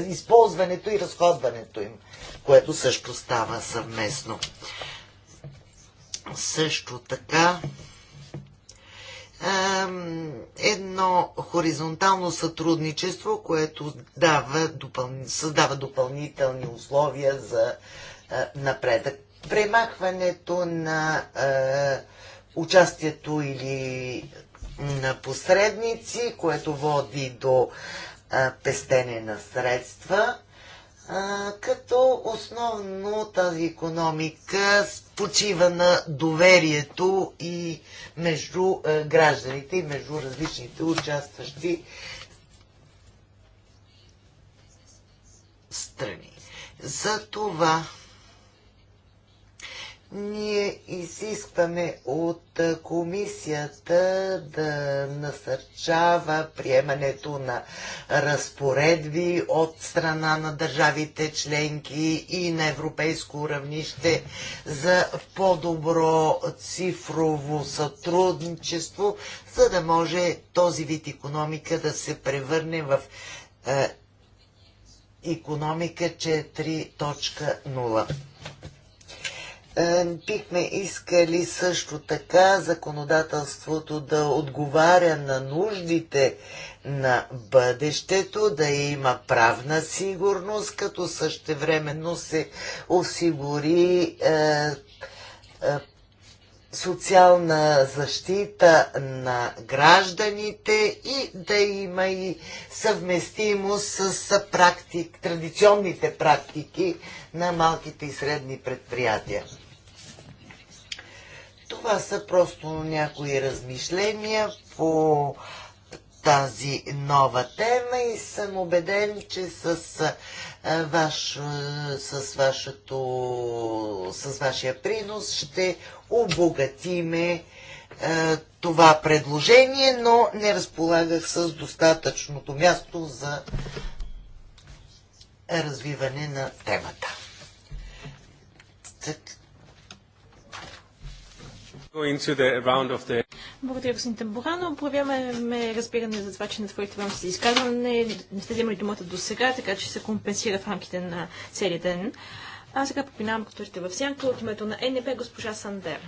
използването и разходването им, което също става съвместно. Също така едно хоризонтално сътрудничество, което дава, създава допълнителни условия за напредък. Премахването на участието или на посредници, което води до пестене на средства като основно тази економика почива на доверието и между гражданите и между различните участващи страни. За това ние изискваме от комисията да насърчава приемането на разпоредби от страна на държавите членки и на европейско равнище за по-добро цифрово сътрудничество, за да може този вид економика да се превърне в економика 4.0. Е, бихме искали също така законодателството да отговаря на нуждите на бъдещето, да има правна сигурност, като същевременно се осигури е, е, социална защита на гражданите и да има и съвместимост с практик, традиционните практики на малките и средни предприятия. Това са просто някои размишления по тази нова тема и съм убеден, че с, ваш, с, вашето, с вашия принос ще обогатиме това предложение, но не разполагах с достатъчното място за развиване на темата. Благодаря, господин Тамбурано. Проявяваме разбиране за това, че на твоите вам се изказване. Не сте вземали думата до сега, така че се компенсира в рамките на целия ден. А сега попинавам като ще в сянка от името на НП госпожа Сандер.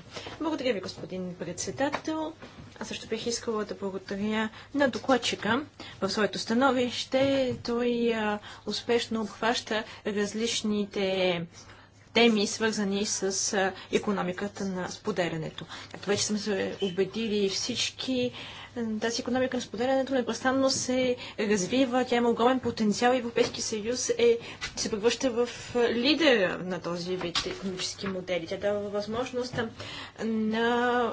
Благодаря ви, господин председател. Аз също бих искала да благодаря на докладчика. В своето становище той а, успешно обхваща различните теми, свързани с економиката на споделянето. Както вече сме се убедили всички, тази економика на споделянето непрестанно се развива, тя има огромен потенциал и Европейски съюз е, се превръща в лидер на този вид економически модели. Тя дава възможност на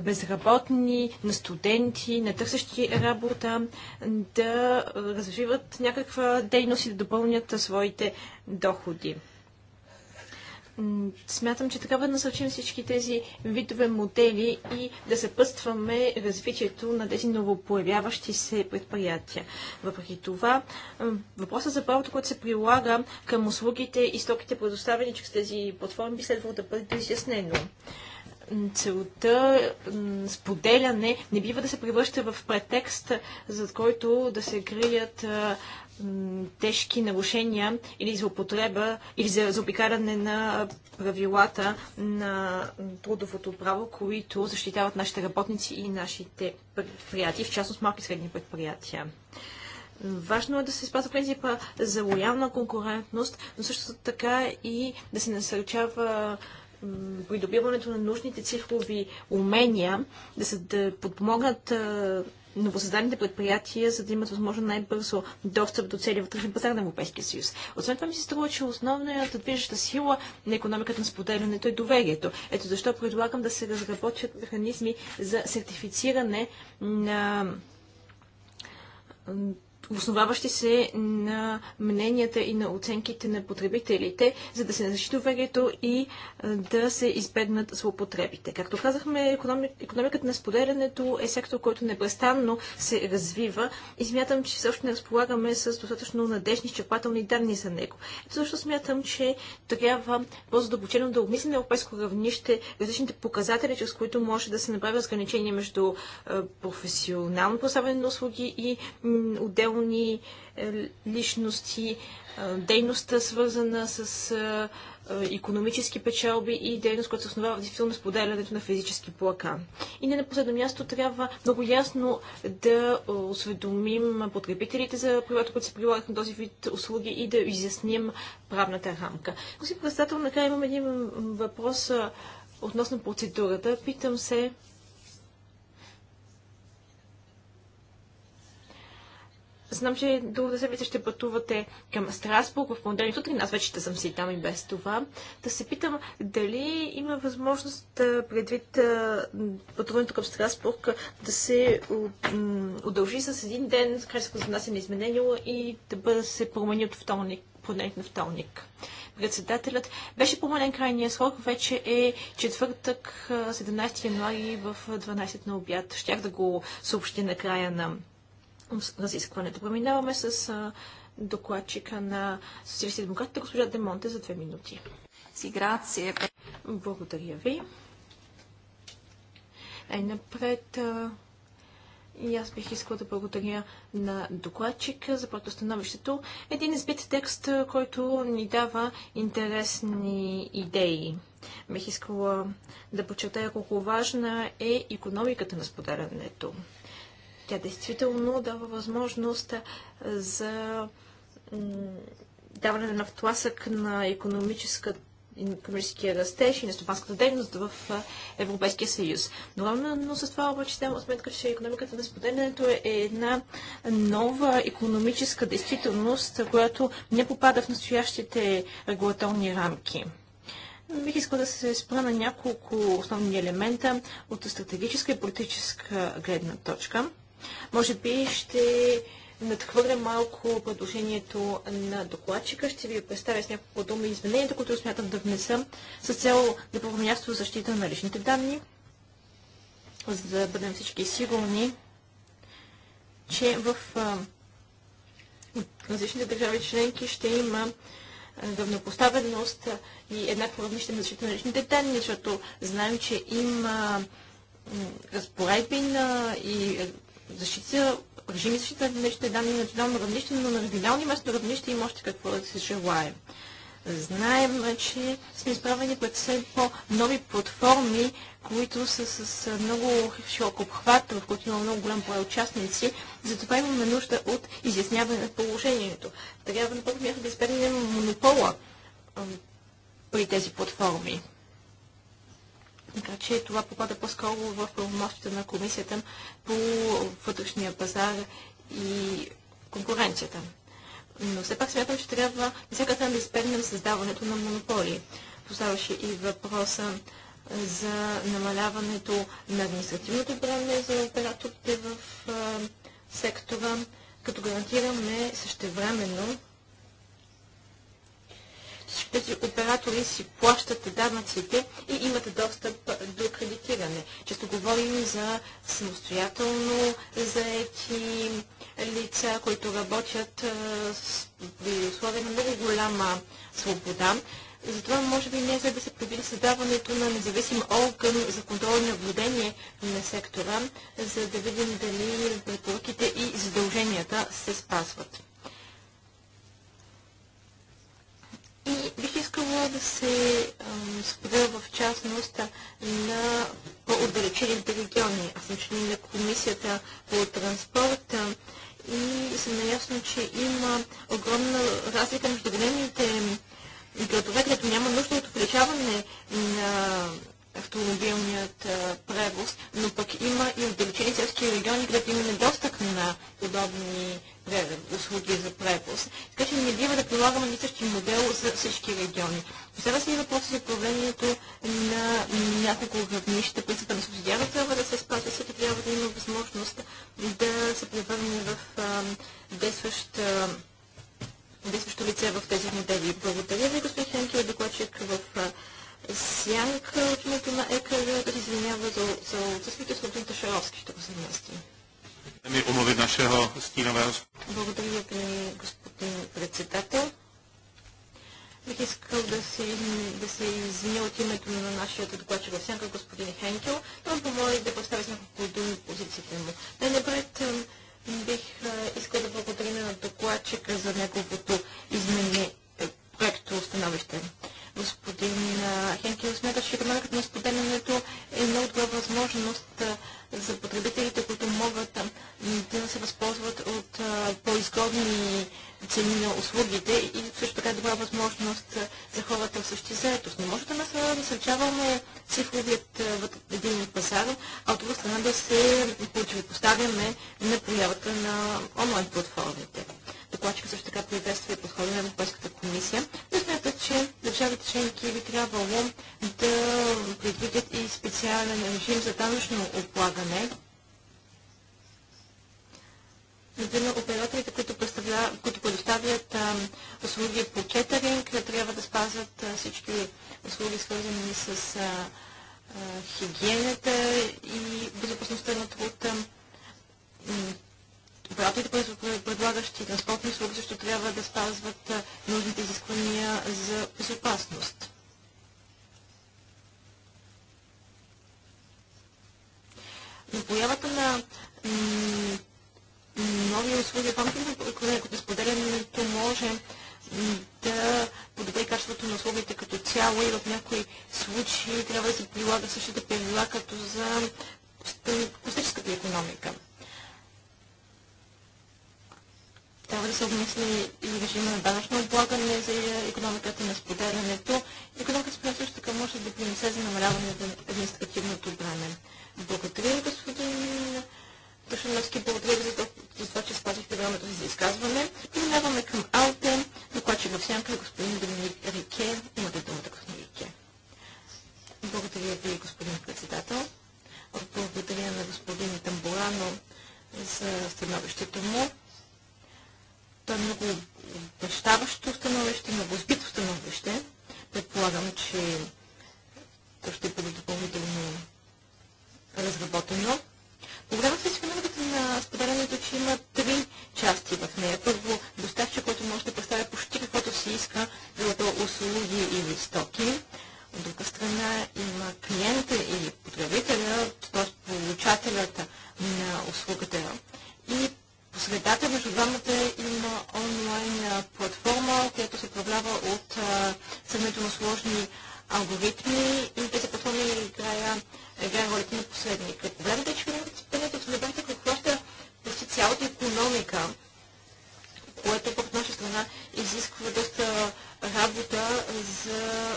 безработни, на студенти, на търсещи работа, да развиват някаква дейност и да допълнят своите доходи. Смятам, че трябва да насърчим всички тези видове модели и да съпътстваме развитието на тези новопоявяващи се предприятия. Въпреки това, въпросът за правото, което се прилага към услугите и стоките, предоставени чрез тези платформи, би следвало да бъде изяснено целта споделяне не бива да се превръща в претекст, за който да се крият а, тежки нарушения или злоупотреба или за заобикаране на правилата на трудовото право, които защитават нашите работници и нашите предприятия, в частност малки и средни предприятия. Важно е да се спазва принципа за лоялна конкурентност, но също така и да се насърчава придобиването на нужните цифрови умения, да се да подпомогнат новосъздадените предприятия, за да имат възможно най-бързо достъп до целия вътрешен пазар на Европейския съюз. Освен това ми се струва, че основната движеща сила на економиката на споделянето е доверието. Ето защо предлагам да се разработят механизми за сертифициране на основаващи се на мненията и на оценките на потребителите, за да се защити доверието и да се избегнат злоупотребите. Както казахме, економиката на споделянето е сектор, който непрестанно се развива и смятам, че също не разполагаме с достатъчно надежни изчерпателни данни за него. Ето също смятам, че трябва по-задълбочено да обмислим на европейско равнище различните показатели, чрез които може да се направи разграничение между професионално поставяне на услуги и отделно отделни е, личности, е, дейността свързана с економически е, печалби и дейност, която се основава действително споделянето на физически плака. И не на последно място трябва много ясно да осведомим потребителите за правилата, които се прилагат на този вид услуги и да изясним правната рамка. Господин председател, накрая имам един въпрос относно процедурата. Питам се Знам, че да седмица ще пътувате към Страсбург в понеделник сутрин. Аз вече съм си там и без това. Да се питам дали има възможност да предвид пътуването към Страсбург да се удължи с един ден, край за нас е неизменено и да бъде се промени от вторник, понеделник на вторник. Председателят беше променен крайния срок, вече е четвъртък, 17 януари в 12 на обяд. Щях да го съобщи на края на разискването. Преминаваме с докладчика на социалистите демократите, госпожа Демонте, за две минути. Сиграция. Благодаря ви. Е, напред и аз бих искала да благодаря на докладчика за протостановището. Един избит текст, който ни дава интересни идеи. Бих искала да подчертая колко важна е економиката на споделянето. Тя действително дава възможност за даване на втласък на економическата економическия растеж и на стопанската дейност в Европейския съюз. Но главно с това обаче давам сметка, че економиката на споделянето е една нова економическа действителност, която не попада в настоящите регулаторни рамки. Бих искал да се спра на няколко основни елемента от стратегическа и политическа гледна точка. Може би ще надхвърля малко предложението на докладчика. Ще ви представя с няколко думи измененията, които смятам да внеса с цел да място защита на личните данни, за да бъдем всички сигурни, че в различните държави членки ще има равнопоставеност и еднакво равнище на защита на личните данни, защото знаем, че има разпоредби на и защита, режими защита на личните данни на национално равнище, но на регионални местно равнище има още какво да се желая. Знаем, че сме изправени пред все по-нови платформи, които са с много широк обхват, в които има много голям брой участници. Затова имаме нужда от изясняване на положението. Трябва на първо място да изпълним монопола при тези платформи. Така че това попада по-скоро в правомощите на комисията по вътрешния пазар и конкуренцията. Но все пак смятам, че трябва всяка там да избегнем създаването на монополи. Поставяше и въпроса за намаляването на административното бреме за операторите в а, сектора, като гарантираме същевременно всички тези оператори си плащат данъците и имат достъп до кредитиране. Често говорим за самостоятелно заети лица, които работят при условия на много голяма свобода. Затова може би не е за да се предвиди създаването на независим орган за контрол и наблюдение на сектора, за да видим дали препоръките и задълженията се спазват. И бих искала да се споделя в частност на по-отдалечените региони. Аз съм член на комисията по транспорта и съм наясно, че има огромна разлика между големите градове, където няма нужда от увеличаване на автомобилният превоз, но пък има и отдалечени селски региони, където има недостъг на подобни услуги за превоз. Така че не бива да прилагаме ни същи модел за всички региони. Поставя се и въпрос за управлението на няколко равнища. Принципа на субсидиара трябва да се спазва, всеки трябва да има възможност да се превърне в действащо лице в тези модели. Благодаря ви, господин Хенкел, докладчик в Сянка от името на ЕКР. Да се извинява за, за отсъствието, господин Ташаровски ще го замести. Благодаря ви, господин председател. Бих искал да се, да се извиня от името на нашия докладчик в сянка, господин Хенкел. Той помоли да представя с няколко думи позициите му. Най-напред бих искал да благодаря на докладчика за неговото изменение е, проекто становище господин Хенкел смята, че ремаркът на споделянето е много добра възможност за потребителите, които могат да се възползват от по-изгодни цени на услугите и също така добра възможност за хората в същи заетост. Не може да насърчаваме цифровият един пазар, а от друга страна да се противопоставяме на появата на онлайн платформите. Докладчика също така приветства и подхода на Европейската комисия. Да смята, че държавите членки би трябвало да предвидят и специален режим за данъчно облагане Например, операторите, които, които предоставят а, услуги по кетеринг, трябва да спазват а, всички услуги, свързани с а, а, хигиената и безопасността на труда операторите, предлагащи транспортни услуги, защо трябва да спазват нужните изисквания за безопасност. Но появата на нови услуги в рамките на споделянето може да подобри качеството на услугите като цяло и в някои случаи трябва да се прилага същите правила като за космическата економика. Трябва да се обмисли и режима на данъчно облагане за економиката на споделянето. Економиката според също така може да принесе за намаляване на административното бреме. Благодаря ви, господин Тушановски, Благодаря ви за това, че спазихте времето за изказване. Преминаваме към Алте, ще в сянка е господин Доминик Рике. Имате думата, господин Рике. Благодаря ви, господин председател. Благодаря на господин Тамбурано за становището му. Това е много обещаващо становище, много сбито становище. Предполагам, че то ще бъде допълнително разработено. Програмата с феномената на споделянето, че има три части в нея. Първо, доставчик, който може да представя почти каквото си иска, било то услуги или стоки. От друга страна има клиента или потребителя, т.е. получателята на услугата. И по средата между двамата има онлайн платформа, която се управлява от съвместно сложни алгоритми и тези платформи играя, играя ролята на посредника. Проблемът е, че финансирането в какво ще почти цялата економика, което пък от наша страна изисква доста работа за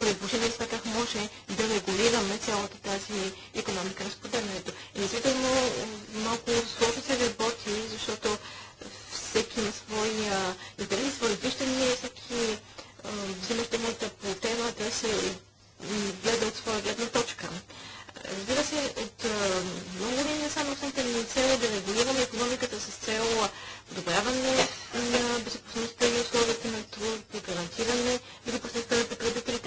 предложения за как може да регулираме цялата тази економика на споделянето. Действително много сложно се работи, защото всеки на своя интерес, свои виждания, всеки взима темата по да се гледа от своя гледна точка. Разбира се, от много години само основната ни цел е да регулираме економиката с цел подобряване на безопасността и условията на труд, гарантиране безопасността на потребителите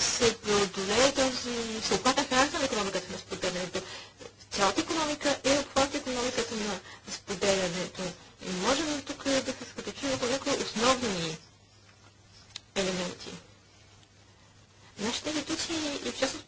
се преодолее този, се оплата на економиката на споделянето. Цялата економика е обхват економиката на споделянето. И можем тук да се скатечим върху някои основни елементи. Нашите институции и в частност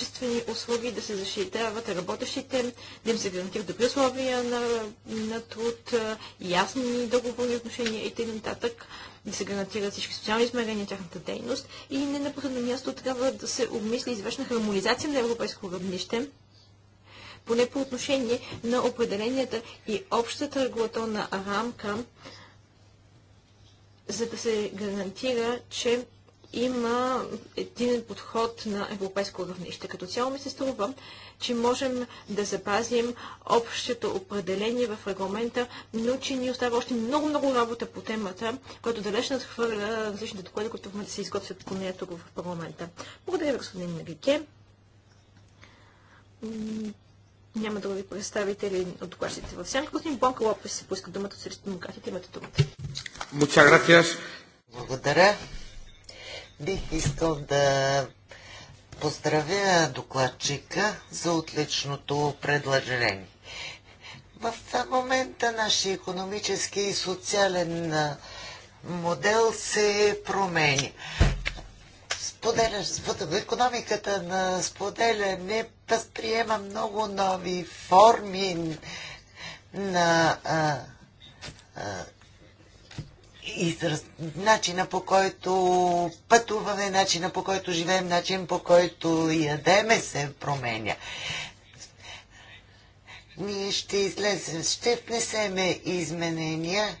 качествени услуги, да се защитават работещите, да им се гарантират добри условия на, на труд, ясни договорни отношения и т.н. да се гарантират всички социални измерения тяхната дейност. И не на последно място трябва да се обмисли известна хармонизация на европейско равнище, поне по отношение на определенията и общата регулаторна рамка, за да се гарантира, че има един подход на европейско равнище. Като цяло ми се струва, че можем да запазим общото определение в регламента, но че ни остава още много-много работа по темата, която далеч надхвърля различните доклади, които се изготвят по нея тук в парламента. Благодаря ви, господин Мегике. Няма други представители от докладите. в сянка. Господин Бонка Лопес се поиска думата от Срещу демократите. Имате думата. Благодаря. Бих искал да поздравя докладчика за отличното предложение. В момента нашия економически и социален модел се променя. Споделя, економиката на споделяне възприема много нови форми на а, а, израз, начина по който пътуваме, начина по който живеем, начин по който ядеме се променя. Ние ще излезем, ще внесеме изменения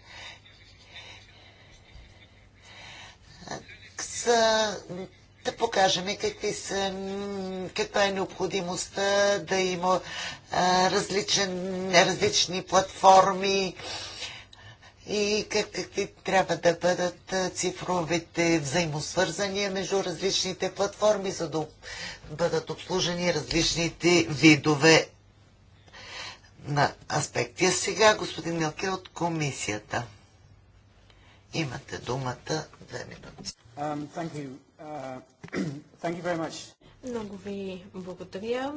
за да покажем какви са, каква е необходимостта да има а, различен, различни платформи, а, и как, какви трябва да бъдат цифровите взаимосвързания между различните платформи, за да бъдат обслужени различните видове на аспекти. А сега господин Милке от комисията. Имате думата две минути. Um, thank you. Uh, thank you very much. Много ви благодаря.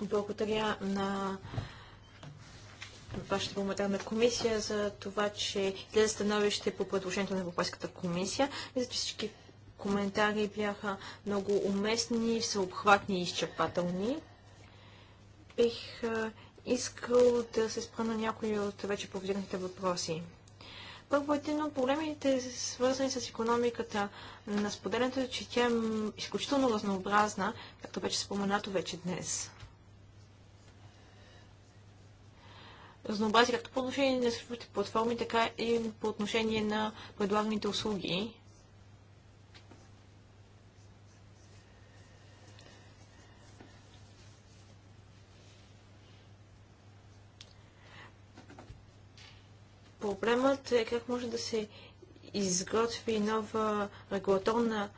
Благодаря на uh, вашата парламентарна комисия за това, че излезе становище по предложението на Европейската комисия. Мисля, че всички коментари бяха много уместни, съобхватни и изчерпателни. Бих искал да се спра на някои от вече повдигнатите въпроси. Първо, един от проблемите, свързани с економиката на споделянето, е, че тя е изключително разнообразна, както вече споменато вече днес. разнообразие както по отношение на същите платформи, така и по отношение на предлаганите услуги. Проблемът е как може да се изготви нова регулаторна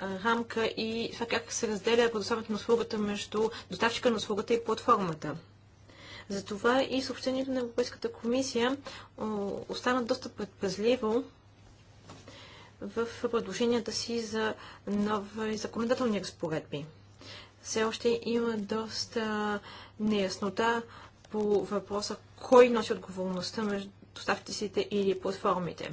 рамка и това как се разделя предоставянето на услугата между доставчика на услугата и платформата. Затова и съобщението на Европейската комисия остана доста предпазливо в предложенията си за нови законодателни разпоредби. Все още има доста неяснота по въпроса кой носи отговорността между доставчиците или платформите.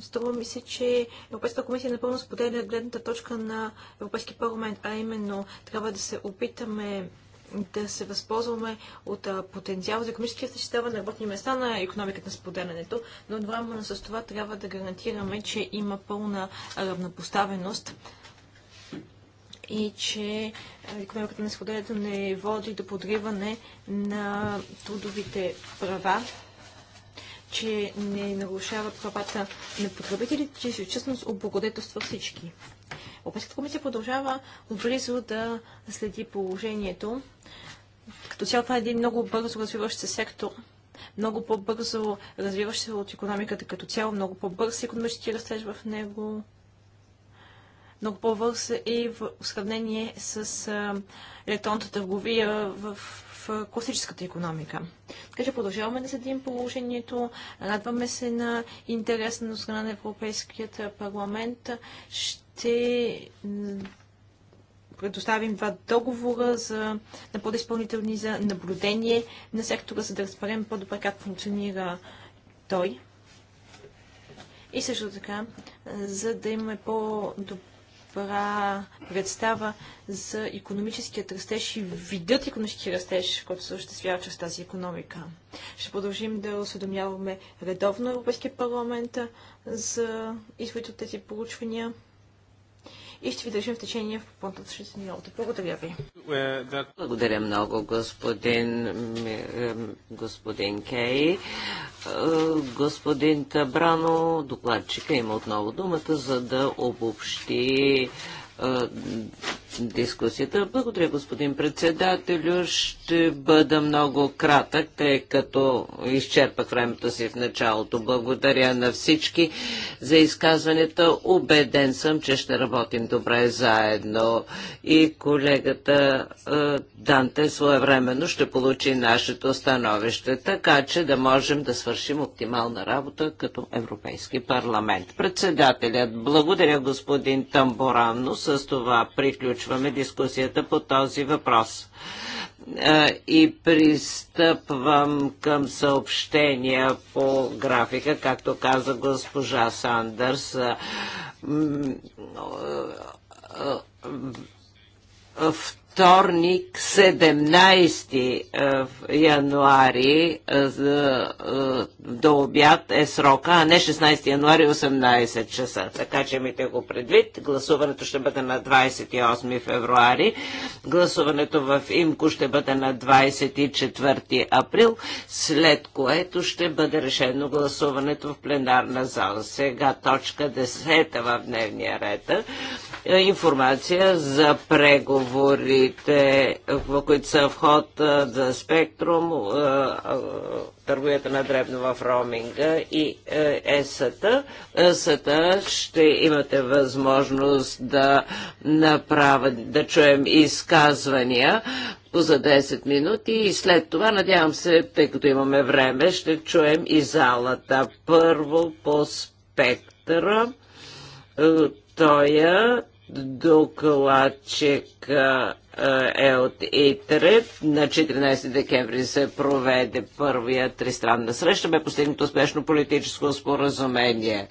Струва ми се, че Европейската комисия напълно споделя гледната точка на Европейски парламент, а именно трябва да се опитаме да се възползваме от потенциал за економическия съществава на работни места на економиката на споделянето, но едновременно с това трябва да гарантираме, че има пълна равнопоставеност и че економиката на споделянето не води до подриване на трудовите права че не нарушава правата на потребителите, че всъщност облагодетелства всички. Европейската комисия продължава отблизо да следи положението. Като цяло това е един много бързо развиващ се сектор, много по-бързо развиващ се от економиката като цяло, много по-бърз економически растеж в него, много по-бърз и в сравнение с електронната търговия в в класическата економика. Така че продължаваме да следим положението, радваме се на интерес на страна на Европейският парламент. Ще ще предоставим два договора за, на подиспълнителни за наблюдение на сектора, за да разберем по-добре как функционира той. И също така, за да имаме по-добра представа за економическият растеж и видът економически растеж, който се свява чрез тази економика. Ще продължим да осведомяваме редовно Европейския парламент за изводите от тези проучвания и ще ви държим в течение в по-нататъчните ни работи. Благодаря ви. Благодаря много, господин, господин Кей. Е, господин Табрано, докладчика има отново думата, за да обобщи е, дискусията. Благодаря, господин председателю. Ще бъда много кратък, тъй като изчерпах времето си в началото. Благодаря на всички за изказването. Обеден съм, че ще работим добре заедно. И колегата е, Данте своевременно ще получи нашето становище, така че да можем да свършим оптимална работа като Европейски парламент. Председателят, благодаря господин Тамборано. С това приключваме приключваме дискусията по този въпрос. Е, и пристъпвам към съобщения по графика, както каза госпожа Сандърс в. Е, вторник 17 е, януари е, е, до обяд е срока, а не 16 януари 18 часа. Така че имайте го предвид. Гласуването ще бъде на 28 февруари. Гласуването в ИМКО ще бъде на 24 април, след което ще бъде решено гласуването в пленарна зала. Сега точка 10 в дневния ред. Информация за преговори услугите, в които са вход за спектрум, търговията на дребно в роуминга и ЕСАТА. ЕСАТА ще имате възможност да направят, да чуем изказвания за 10 минути и след това, надявам се, тъй като имаме време, ще чуем и залата. Първо по спектъра. Е, той е докладчик е, е от ИТРЕ. На 14 декември се проведе първия тристранна среща. Бе постигнато успешно политическо споразумение.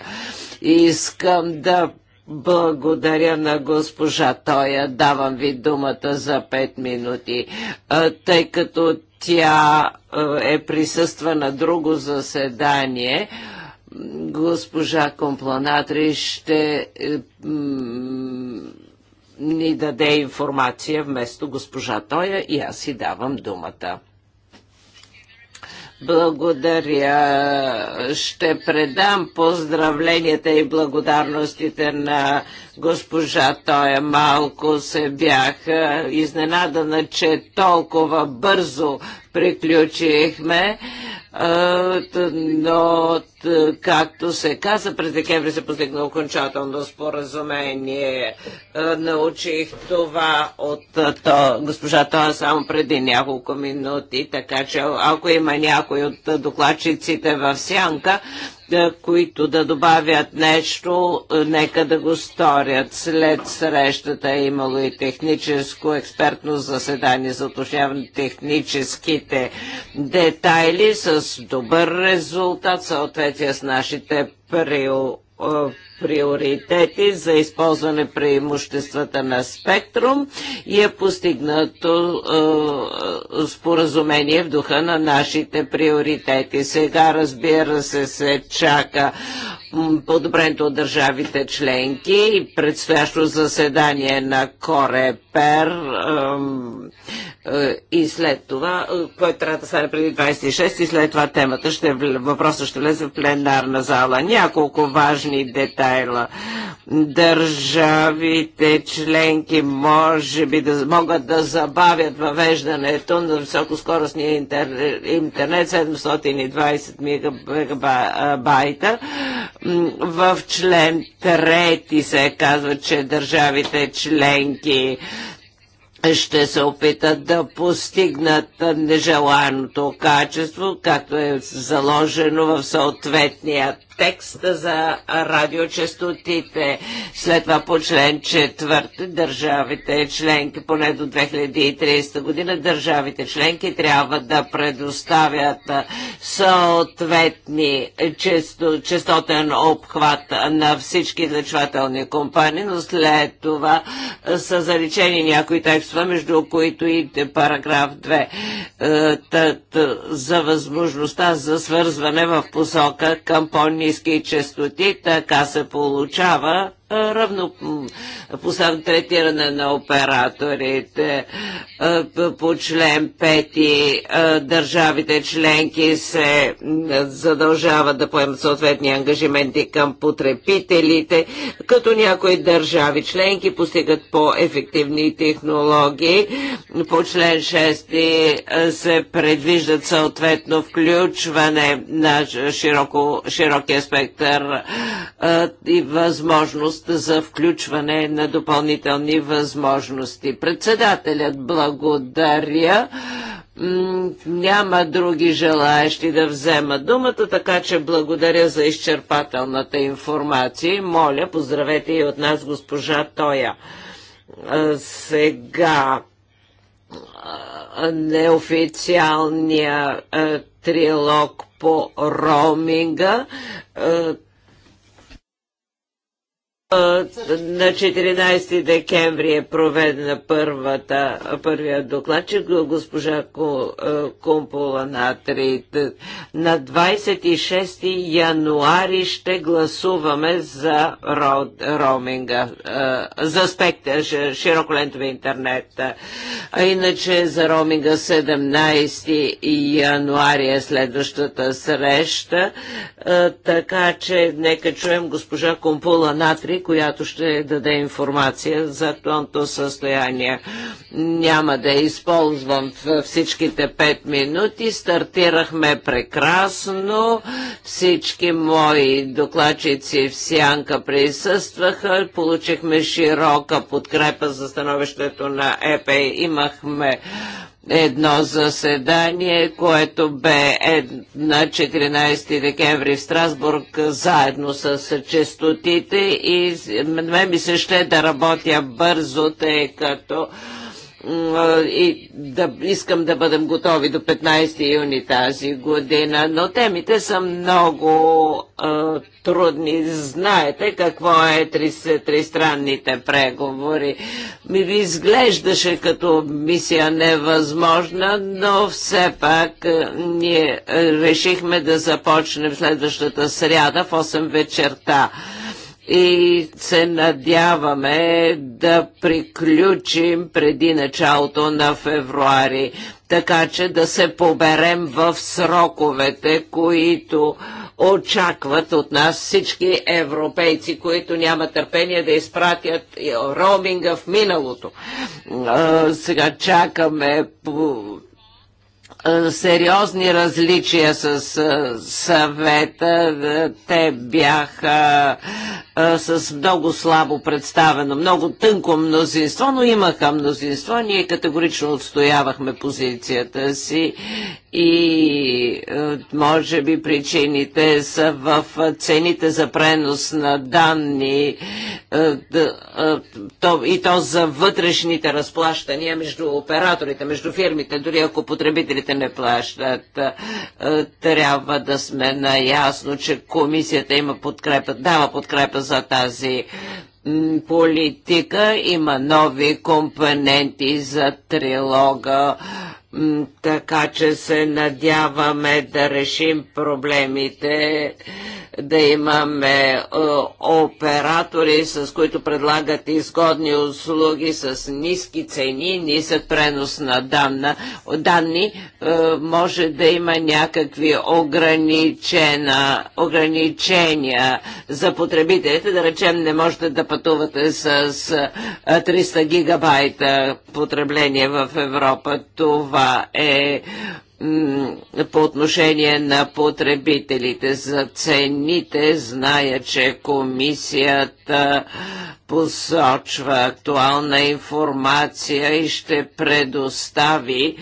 Искам да благодаря на госпожа Тоя. Давам ви думата за 5 минути, тъй като тя е присъства на друго заседание госпожа Компланатри ще е, ни даде информация вместо госпожа Тоя и аз си давам думата. Благодаря. Ще предам поздравленията и благодарностите на Госпожа Тоя малко се бях изненадана, че толкова бързо приключихме, но както се каза, през декември се постигна окончателно споразумение. Научих това от то, госпожа Тоя само преди няколко минути, така че ако има някой от докладчиците в сянка, които да добавят нещо, нека да го сторят. След срещата е имало и техническо експертно заседание за уточняване техническите детайли с добър резултат, съответствие с нашите приоритети приоритети за използване преимуществата на спектрум и е постигнато е, споразумение в духа на нашите приоритети. Сега разбира се се чака подобрението от държавите членки и предстоящо заседание на Корепер е, и след това, е, което трябва да стане преди 26 и след това темата ще, въпросът ще влезе в пленарна зала. Няколко важни детайла. Държавите членки може би да, могат да забавят въвеждането на високоскоростния скоростния интернет 720 мегабайта в член трети се казва, че държавите членки ще се опитат да постигнат нежеланото качество, както е заложено в съответния текста за радиочастотите. След това по член 4 държавите членки, поне до 2030 година, държавите членки трябва да предоставят съответни често, частотен обхват на всички излъчвателни компании, но след това са заличени някои текстове, между които и параграф 2 за възможността за свързване в посока към по ниски частоти, така се получава равно поставено третиране на операторите по член 5 държавите членки се задължават да поемат съответни ангажименти към потребителите, като някои държави членки постигат по-ефективни технологии. По член 6 се предвиждат съответно включване на широко, широкия спектър и възможност възможност за включване на допълнителни възможности. Председателят благодаря. Няма други желаящи да взема думата, така че благодаря за изчерпателната информация. Моля, поздравете и от нас госпожа Тоя. Сега неофициалния трилог по роуминга. На 14 декември е проведена първата, първия доклад, че госпожа е, Кумпола 3. На 26 януари ще гласуваме за роуминга, е, за спектър, широколентови интернет. А иначе за роуминга 17 януари е следващата среща. Е, така че нека чуем госпожа Кумпола 3 която ще даде информация за актуалното състояние. Няма да използвам всичките 5 минути. Стартирахме прекрасно. Всички мои докладчици в Сянка присъстваха. Получихме широка подкрепа за становището на ЕПЕ. Имахме едно заседание, което бе на 14 декември в Страсбург заедно с честотите и мен ми се ще да работя бързо, тъй като и да искам да бъдем готови до 15 юни тази година, но темите са много е, трудни. Знаете какво е тристранните три преговори. Ми ви изглеждаше като мисия невъзможна, но все пак е, ние решихме да започнем следващата сряда в 8 вечерта и се надяваме да приключим преди началото на февруари, така че да се поберем в сроковете, които очакват от нас всички европейци, които няма търпение да изпратят роуминга в миналото. Сега чакаме е, сериозни различия с е, съвета. Е, те бяха с много слабо представено, много тънко мнозинство, но имаха мнозинство. Ние категорично отстоявахме позицията си и може би причините са в цените за пренос на данни и то за вътрешните разплащания между операторите, между фирмите, дори ако потребителите банките не плащат. Е, трябва да сме наясно, че комисията има подкрепа, дава подкрепа за тази политика. Има нови компоненти за трилога така че се надяваме да решим проблемите, да имаме е, оператори, с които предлагат изгодни услуги с ниски цени, нисък пренос на данна, данни. Е, може да има някакви ограничения за потребителите. Да речем, не можете да пътувате с 300 е, гигабайта потребление в Европа. Това това е по отношение на потребителите за цените, зная, че комисията посочва актуална информация и ще предостави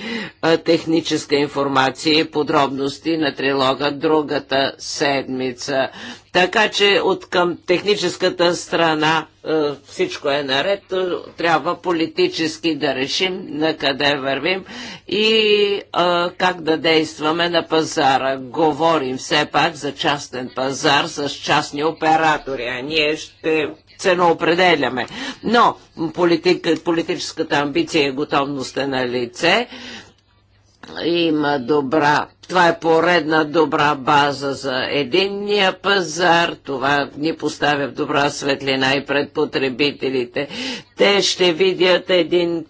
техническа информация и подробности на трилога другата седмица. Така че от към техническата страна е, всичко е наред. Е, трябва политически да решим на къде вървим и е, как да действаме на пазара. Говорим все пак за частен пазар с частни оператори, а ние ще ценоопределяме. Но политическата амбиция и готовност е на лице има добра това е поредна добра база за единния пазар. Това ни поставя в добра светлина и пред потребителите. Те ще видят един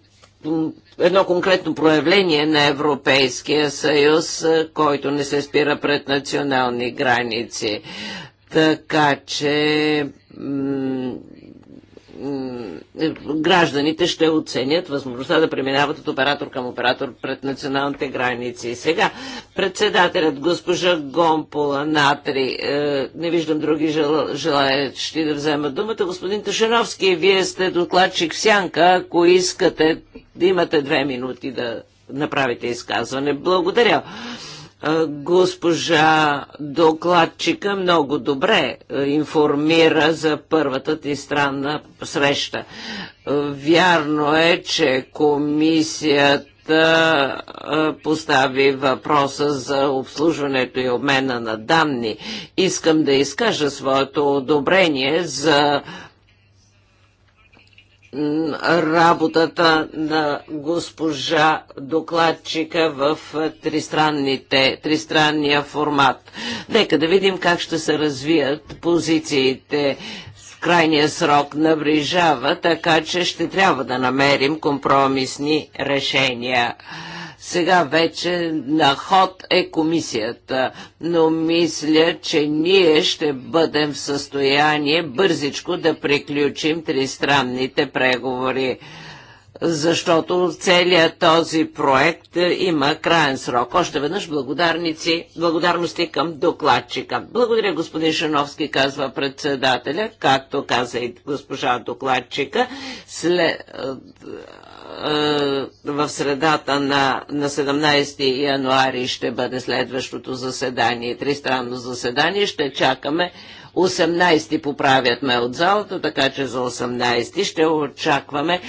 едно конкретно проявление на Европейския съюз, който не се спира пред национални граници. Така че е, гражданите ще оценят възможността да преминават от оператор към оператор пред националните граници. Сега председателят госпожа Гомпола Натри, е, не виждам други желаящи да вземат думата. Господин Ташеновски, вие сте докладчик в Сянка, ако искате, имате две минути да направите изказване. Благодаря. Госпожа докладчика много добре информира за първата ти странна среща. Вярно е, че комисията постави въпроса за обслужването и обмена на данни. Искам да изкажа своето одобрение за работата на госпожа докладчика в тристранния формат. Нека да видим как ще се развият позициите. Крайния срок наближава, така че ще трябва да намерим компромисни решения. Сега вече на ход е комисията, но мисля, че ние ще бъдем в състояние бързичко да приключим тристранните преговори защото целият този проект има крайен срок. Още веднъж благодарници, благодарности към докладчика. Благодаря господин Шановски, казва председателя, както каза и госпожа докладчика. След, е, в средата на, на 17 януари ще бъде следващото заседание, тристранно заседание. Ще чакаме 18 поправят ме от залата, така че за 18 ще очакваме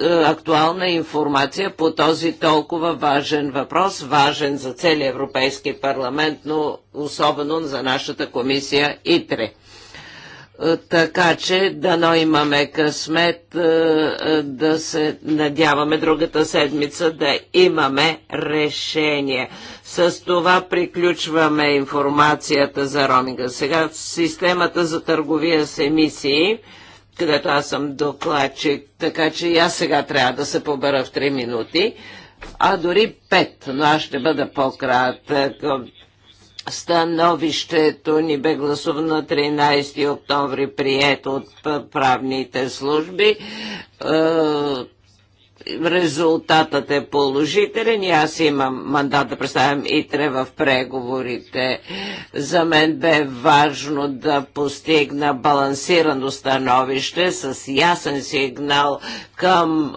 е, актуална информация по този толкова важен въпрос, важен за целия Европейски парламент, но особено за нашата комисия ИТРЕ. Е, така че дано имаме късмет е, е, да се надяваме другата седмица да имаме решение. С това приключваме информацията за роминга. Сега системата за търговия с емисии, където аз съм докладчик, така че и аз сега трябва да се побера в 3 минути а дори пет, но аз ще бъда по-кратък. Становището ни бе гласувано на 13 октомври, прието от правните служби. Е, резултатът е положителен и аз имам мандат да представям ИТРЕ в преговорите. За мен бе важно да постигна балансирано становище с ясен сигнал към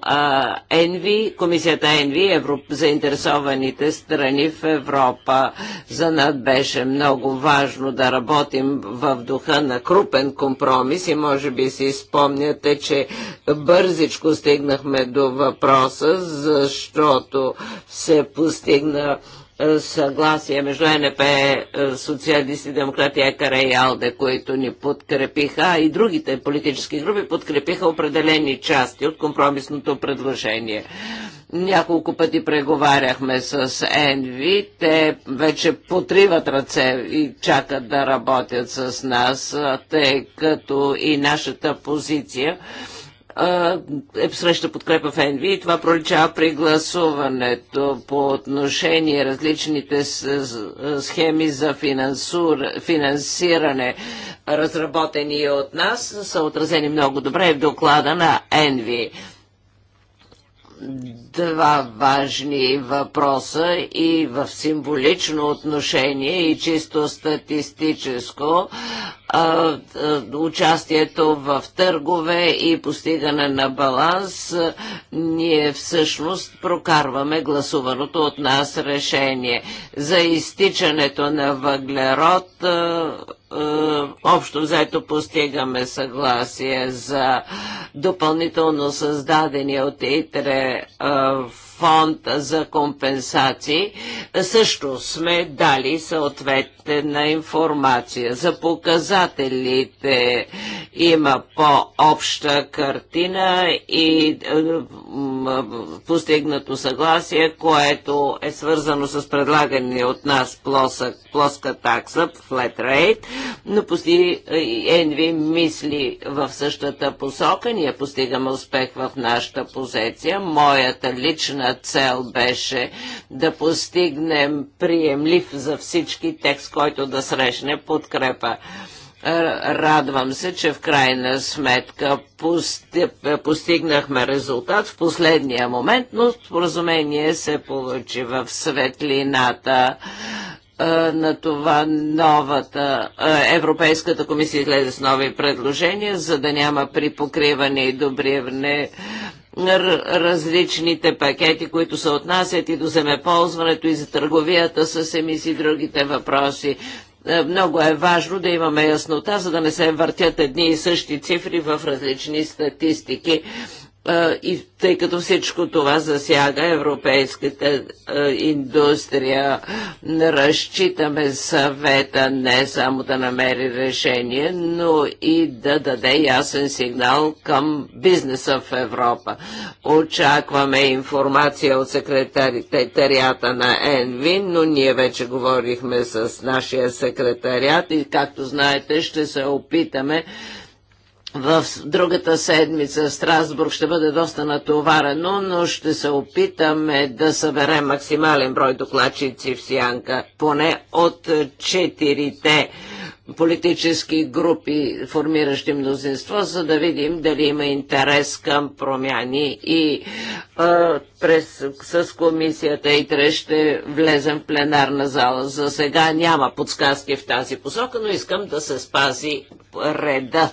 ЕНВИ, комисията ЕНВИ, Европ... заинтересованите страни в Европа. За нас беше много важно да работим в духа на крупен компромис и може би си спомняте, че бързичко стигнахме до въпроса, защото се постигна съгласие между НП, е, социалисти, демократи, Екара и Алде, които ни подкрепиха, и другите политически групи подкрепиха определени части от компромисното предложение. Няколко пъти преговаряхме с Енви. Те вече потриват ръце и чакат да работят с нас, тъй като и нашата позиция е среща подкрепа в НВ и това проличава при гласуването по отношение различните схеми за финансиране, разработени от нас, са отразени много добре в доклада на НВИ два важни въпроса и в символично отношение и чисто статистическо а, участието в търгове и постигане на баланс, ние всъщност прокарваме гласуваното от нас решение. За изтичането на въглерод е, общо взето постигаме съгласие за допълнително създадения от ИТРЕ е, фонд за компенсации. Също сме дали съответно. На информация. За показателите има по-обща картина и е, е, постигнато съгласие, което е свързано с предлагане от нас плосък, плоска такса, flat rate, но пости, е, Енви мисли в същата посока. Ние постигаме успех в нашата позиция. Моята лична цел беше да постигнем приемлив за всички текст, който да срещне подкрепа. Радвам се, че в крайна сметка постигнахме резултат в последния момент, но споразумение се получи в светлината на това новата Европейската комисия излезе с нови предложения, за да няма припокриване и добриване различните пакети, които се отнасят и до земеползването и за търговията с емисии и другите въпроси. Е, много е важно да имаме яснота, за да не се въртят едни и същи цифри в различни статистики и тъй като всичко това засяга европейската индустрия, разчитаме съвета не само да намери решение, но и да даде ясен сигнал към бизнеса в Европа. Очакваме информация от секретарията на ЕНВИ, но ние вече говорихме с нашия секретарият и както знаете ще се опитаме в другата седмица Страсбург ще бъде доста натоварено, но ще се опитаме да съберем максимален брой докладчици в Сянка, поне от четирите политически групи, формиращи мнозинство, за да видим дали има интерес към промяни и а, през, с комисията и тре ще влезем в пленарна зала. За сега няма подсказки в тази посока, но искам да се спази реда.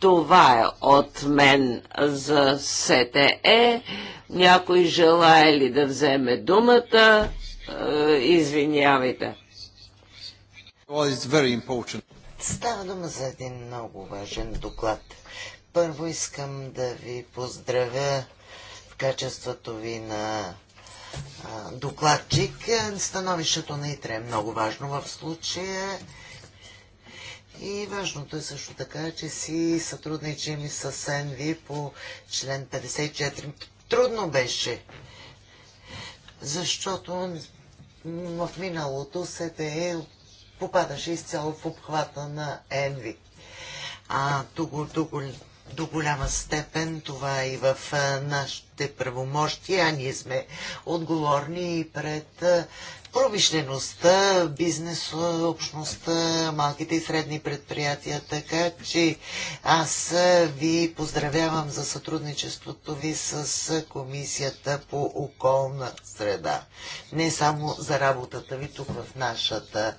Това е от мен за СТЕ. Някой желая ли да вземе думата? Е, извинявайте. Става дума за един много важен доклад. Първо искам да ви поздравя в качеството ви на докладчик. Становището на ИТРЕ е много важно в случая и важното е също така, че си сътрудничим и с НВ по член 54. Трудно беше, защото в миналото СТЕ попадаше изцяло в обхвата на НВ. А тук, тук до голяма степен това е и в нашите правомощия. Ние сме отговорни и пред промишлеността, бизнес, общността, малките и средни предприятия. Така че аз ви поздравявам за сътрудничеството ви с Комисията по околна среда. Не само за работата ви тук в нашата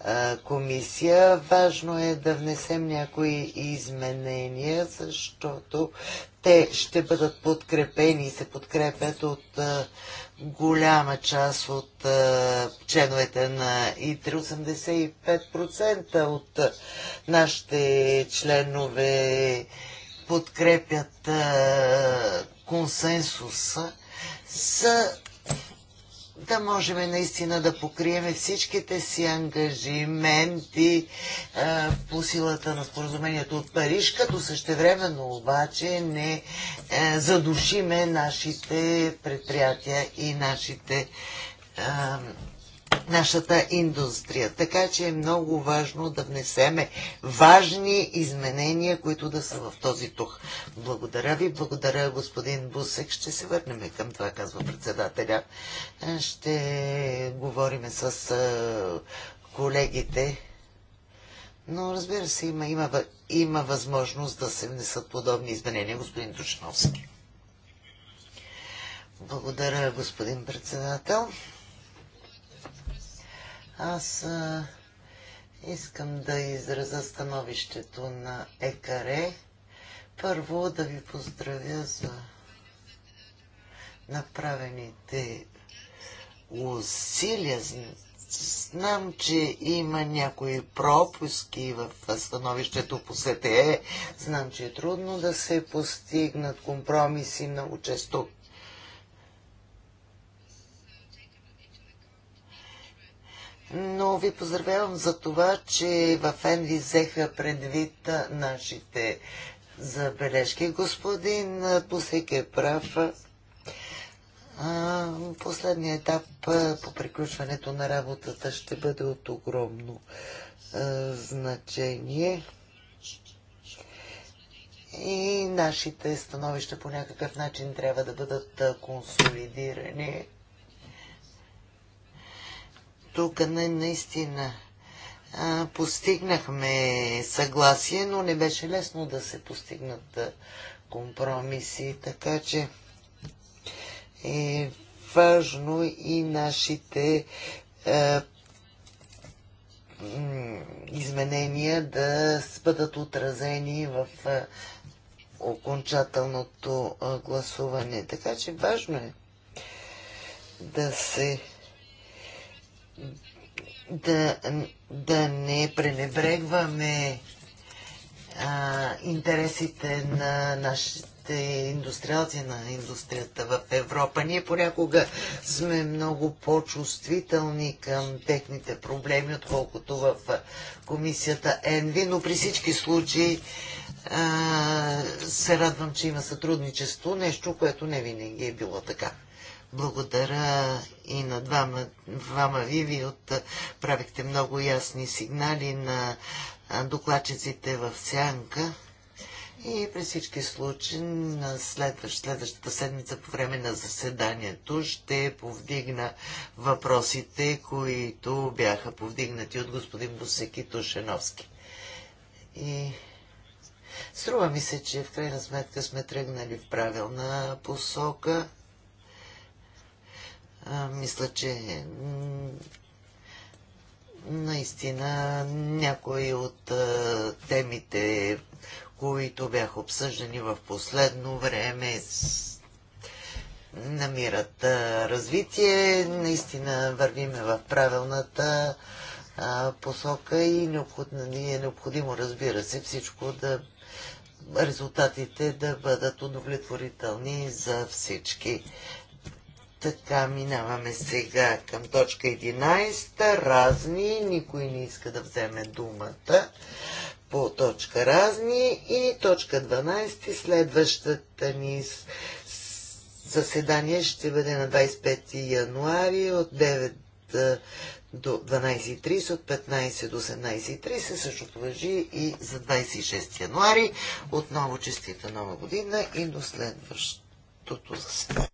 а, комисия. Важно е да внесем някои изменения, защото те ще бъдат подкрепени и се подкрепят от а, голяма част от а, членовете на И 85% от а, нашите членове подкрепят а, консенсуса, са да можем наистина да покрием всичките си ангажименти а, е, по силата на споразумението от Париж, като същевременно обаче не а, е, задушиме нашите предприятия и нашите а, е, нашата индустрия. Така че е много важно да внесеме важни изменения, които да са в този дух. Благодаря ви, благодаря господин Бусек. Ще се върнем към това, казва председателя. Ще говорим с колегите. Но разбира се, има, има, има възможност да се внесат подобни изменения, господин Тушиновски. Благодаря, господин председател. Аз а, искам да изразя становището на ЕКАРЕ. Първо да ви поздравя за направените усилия. Знам, че има някои пропуски в становището по СТЕ. Знам, че е трудно да се постигнат компромиси. Много често но ви поздравявам за това, че в ви взеха предвид нашите забележки. Господин Пусек е прав. Последният етап по приключването на работата ще бъде от огромно значение и нашите становища по някакъв начин трябва да бъдат консолидирани тук не, наистина а, постигнахме съгласие, но не беше лесно да се постигнат компромиси, така че е важно и нашите е, изменения да бъдат отразени в е, окончателното е, гласуване. Така че важно е да се да, да не пренебрегваме а, интересите на нашите индустриалци, на индустрията в Европа. Ние понякога сме много по-чувствителни към техните проблеми, отколкото в комисията ЕНВИ, но при всички случаи а, се радвам, че има сътрудничество, нещо, което не винаги е било така. Благодаря и на двама, двама ви. Вие от, правихте много ясни сигнали на докладчиците в Сянка. И при всички случаи на следващ, следващата седмица по време на заседанието ще повдигна въпросите, които бяха повдигнати от господин Босеки Тушеновски. И струва ми се, че в крайна сметка сме тръгнали в правилна посока мисля, че наистина някои от темите, които бяха обсъждани в последно време, намират развитие. Наистина вървиме в правилната посока и е необходимо, разбира се, всичко да резултатите да бъдат удовлетворителни за всички. Така, минаваме сега към точка 11. Разни. Никой не иска да вземе думата по точка разни. И точка 12. Следващата ни заседание ще бъде на 25 януари от 9 до 12.30, от 15 до 18.30. Същото въжи и за 26 януари. Отново честита нова година и до следващото заседание.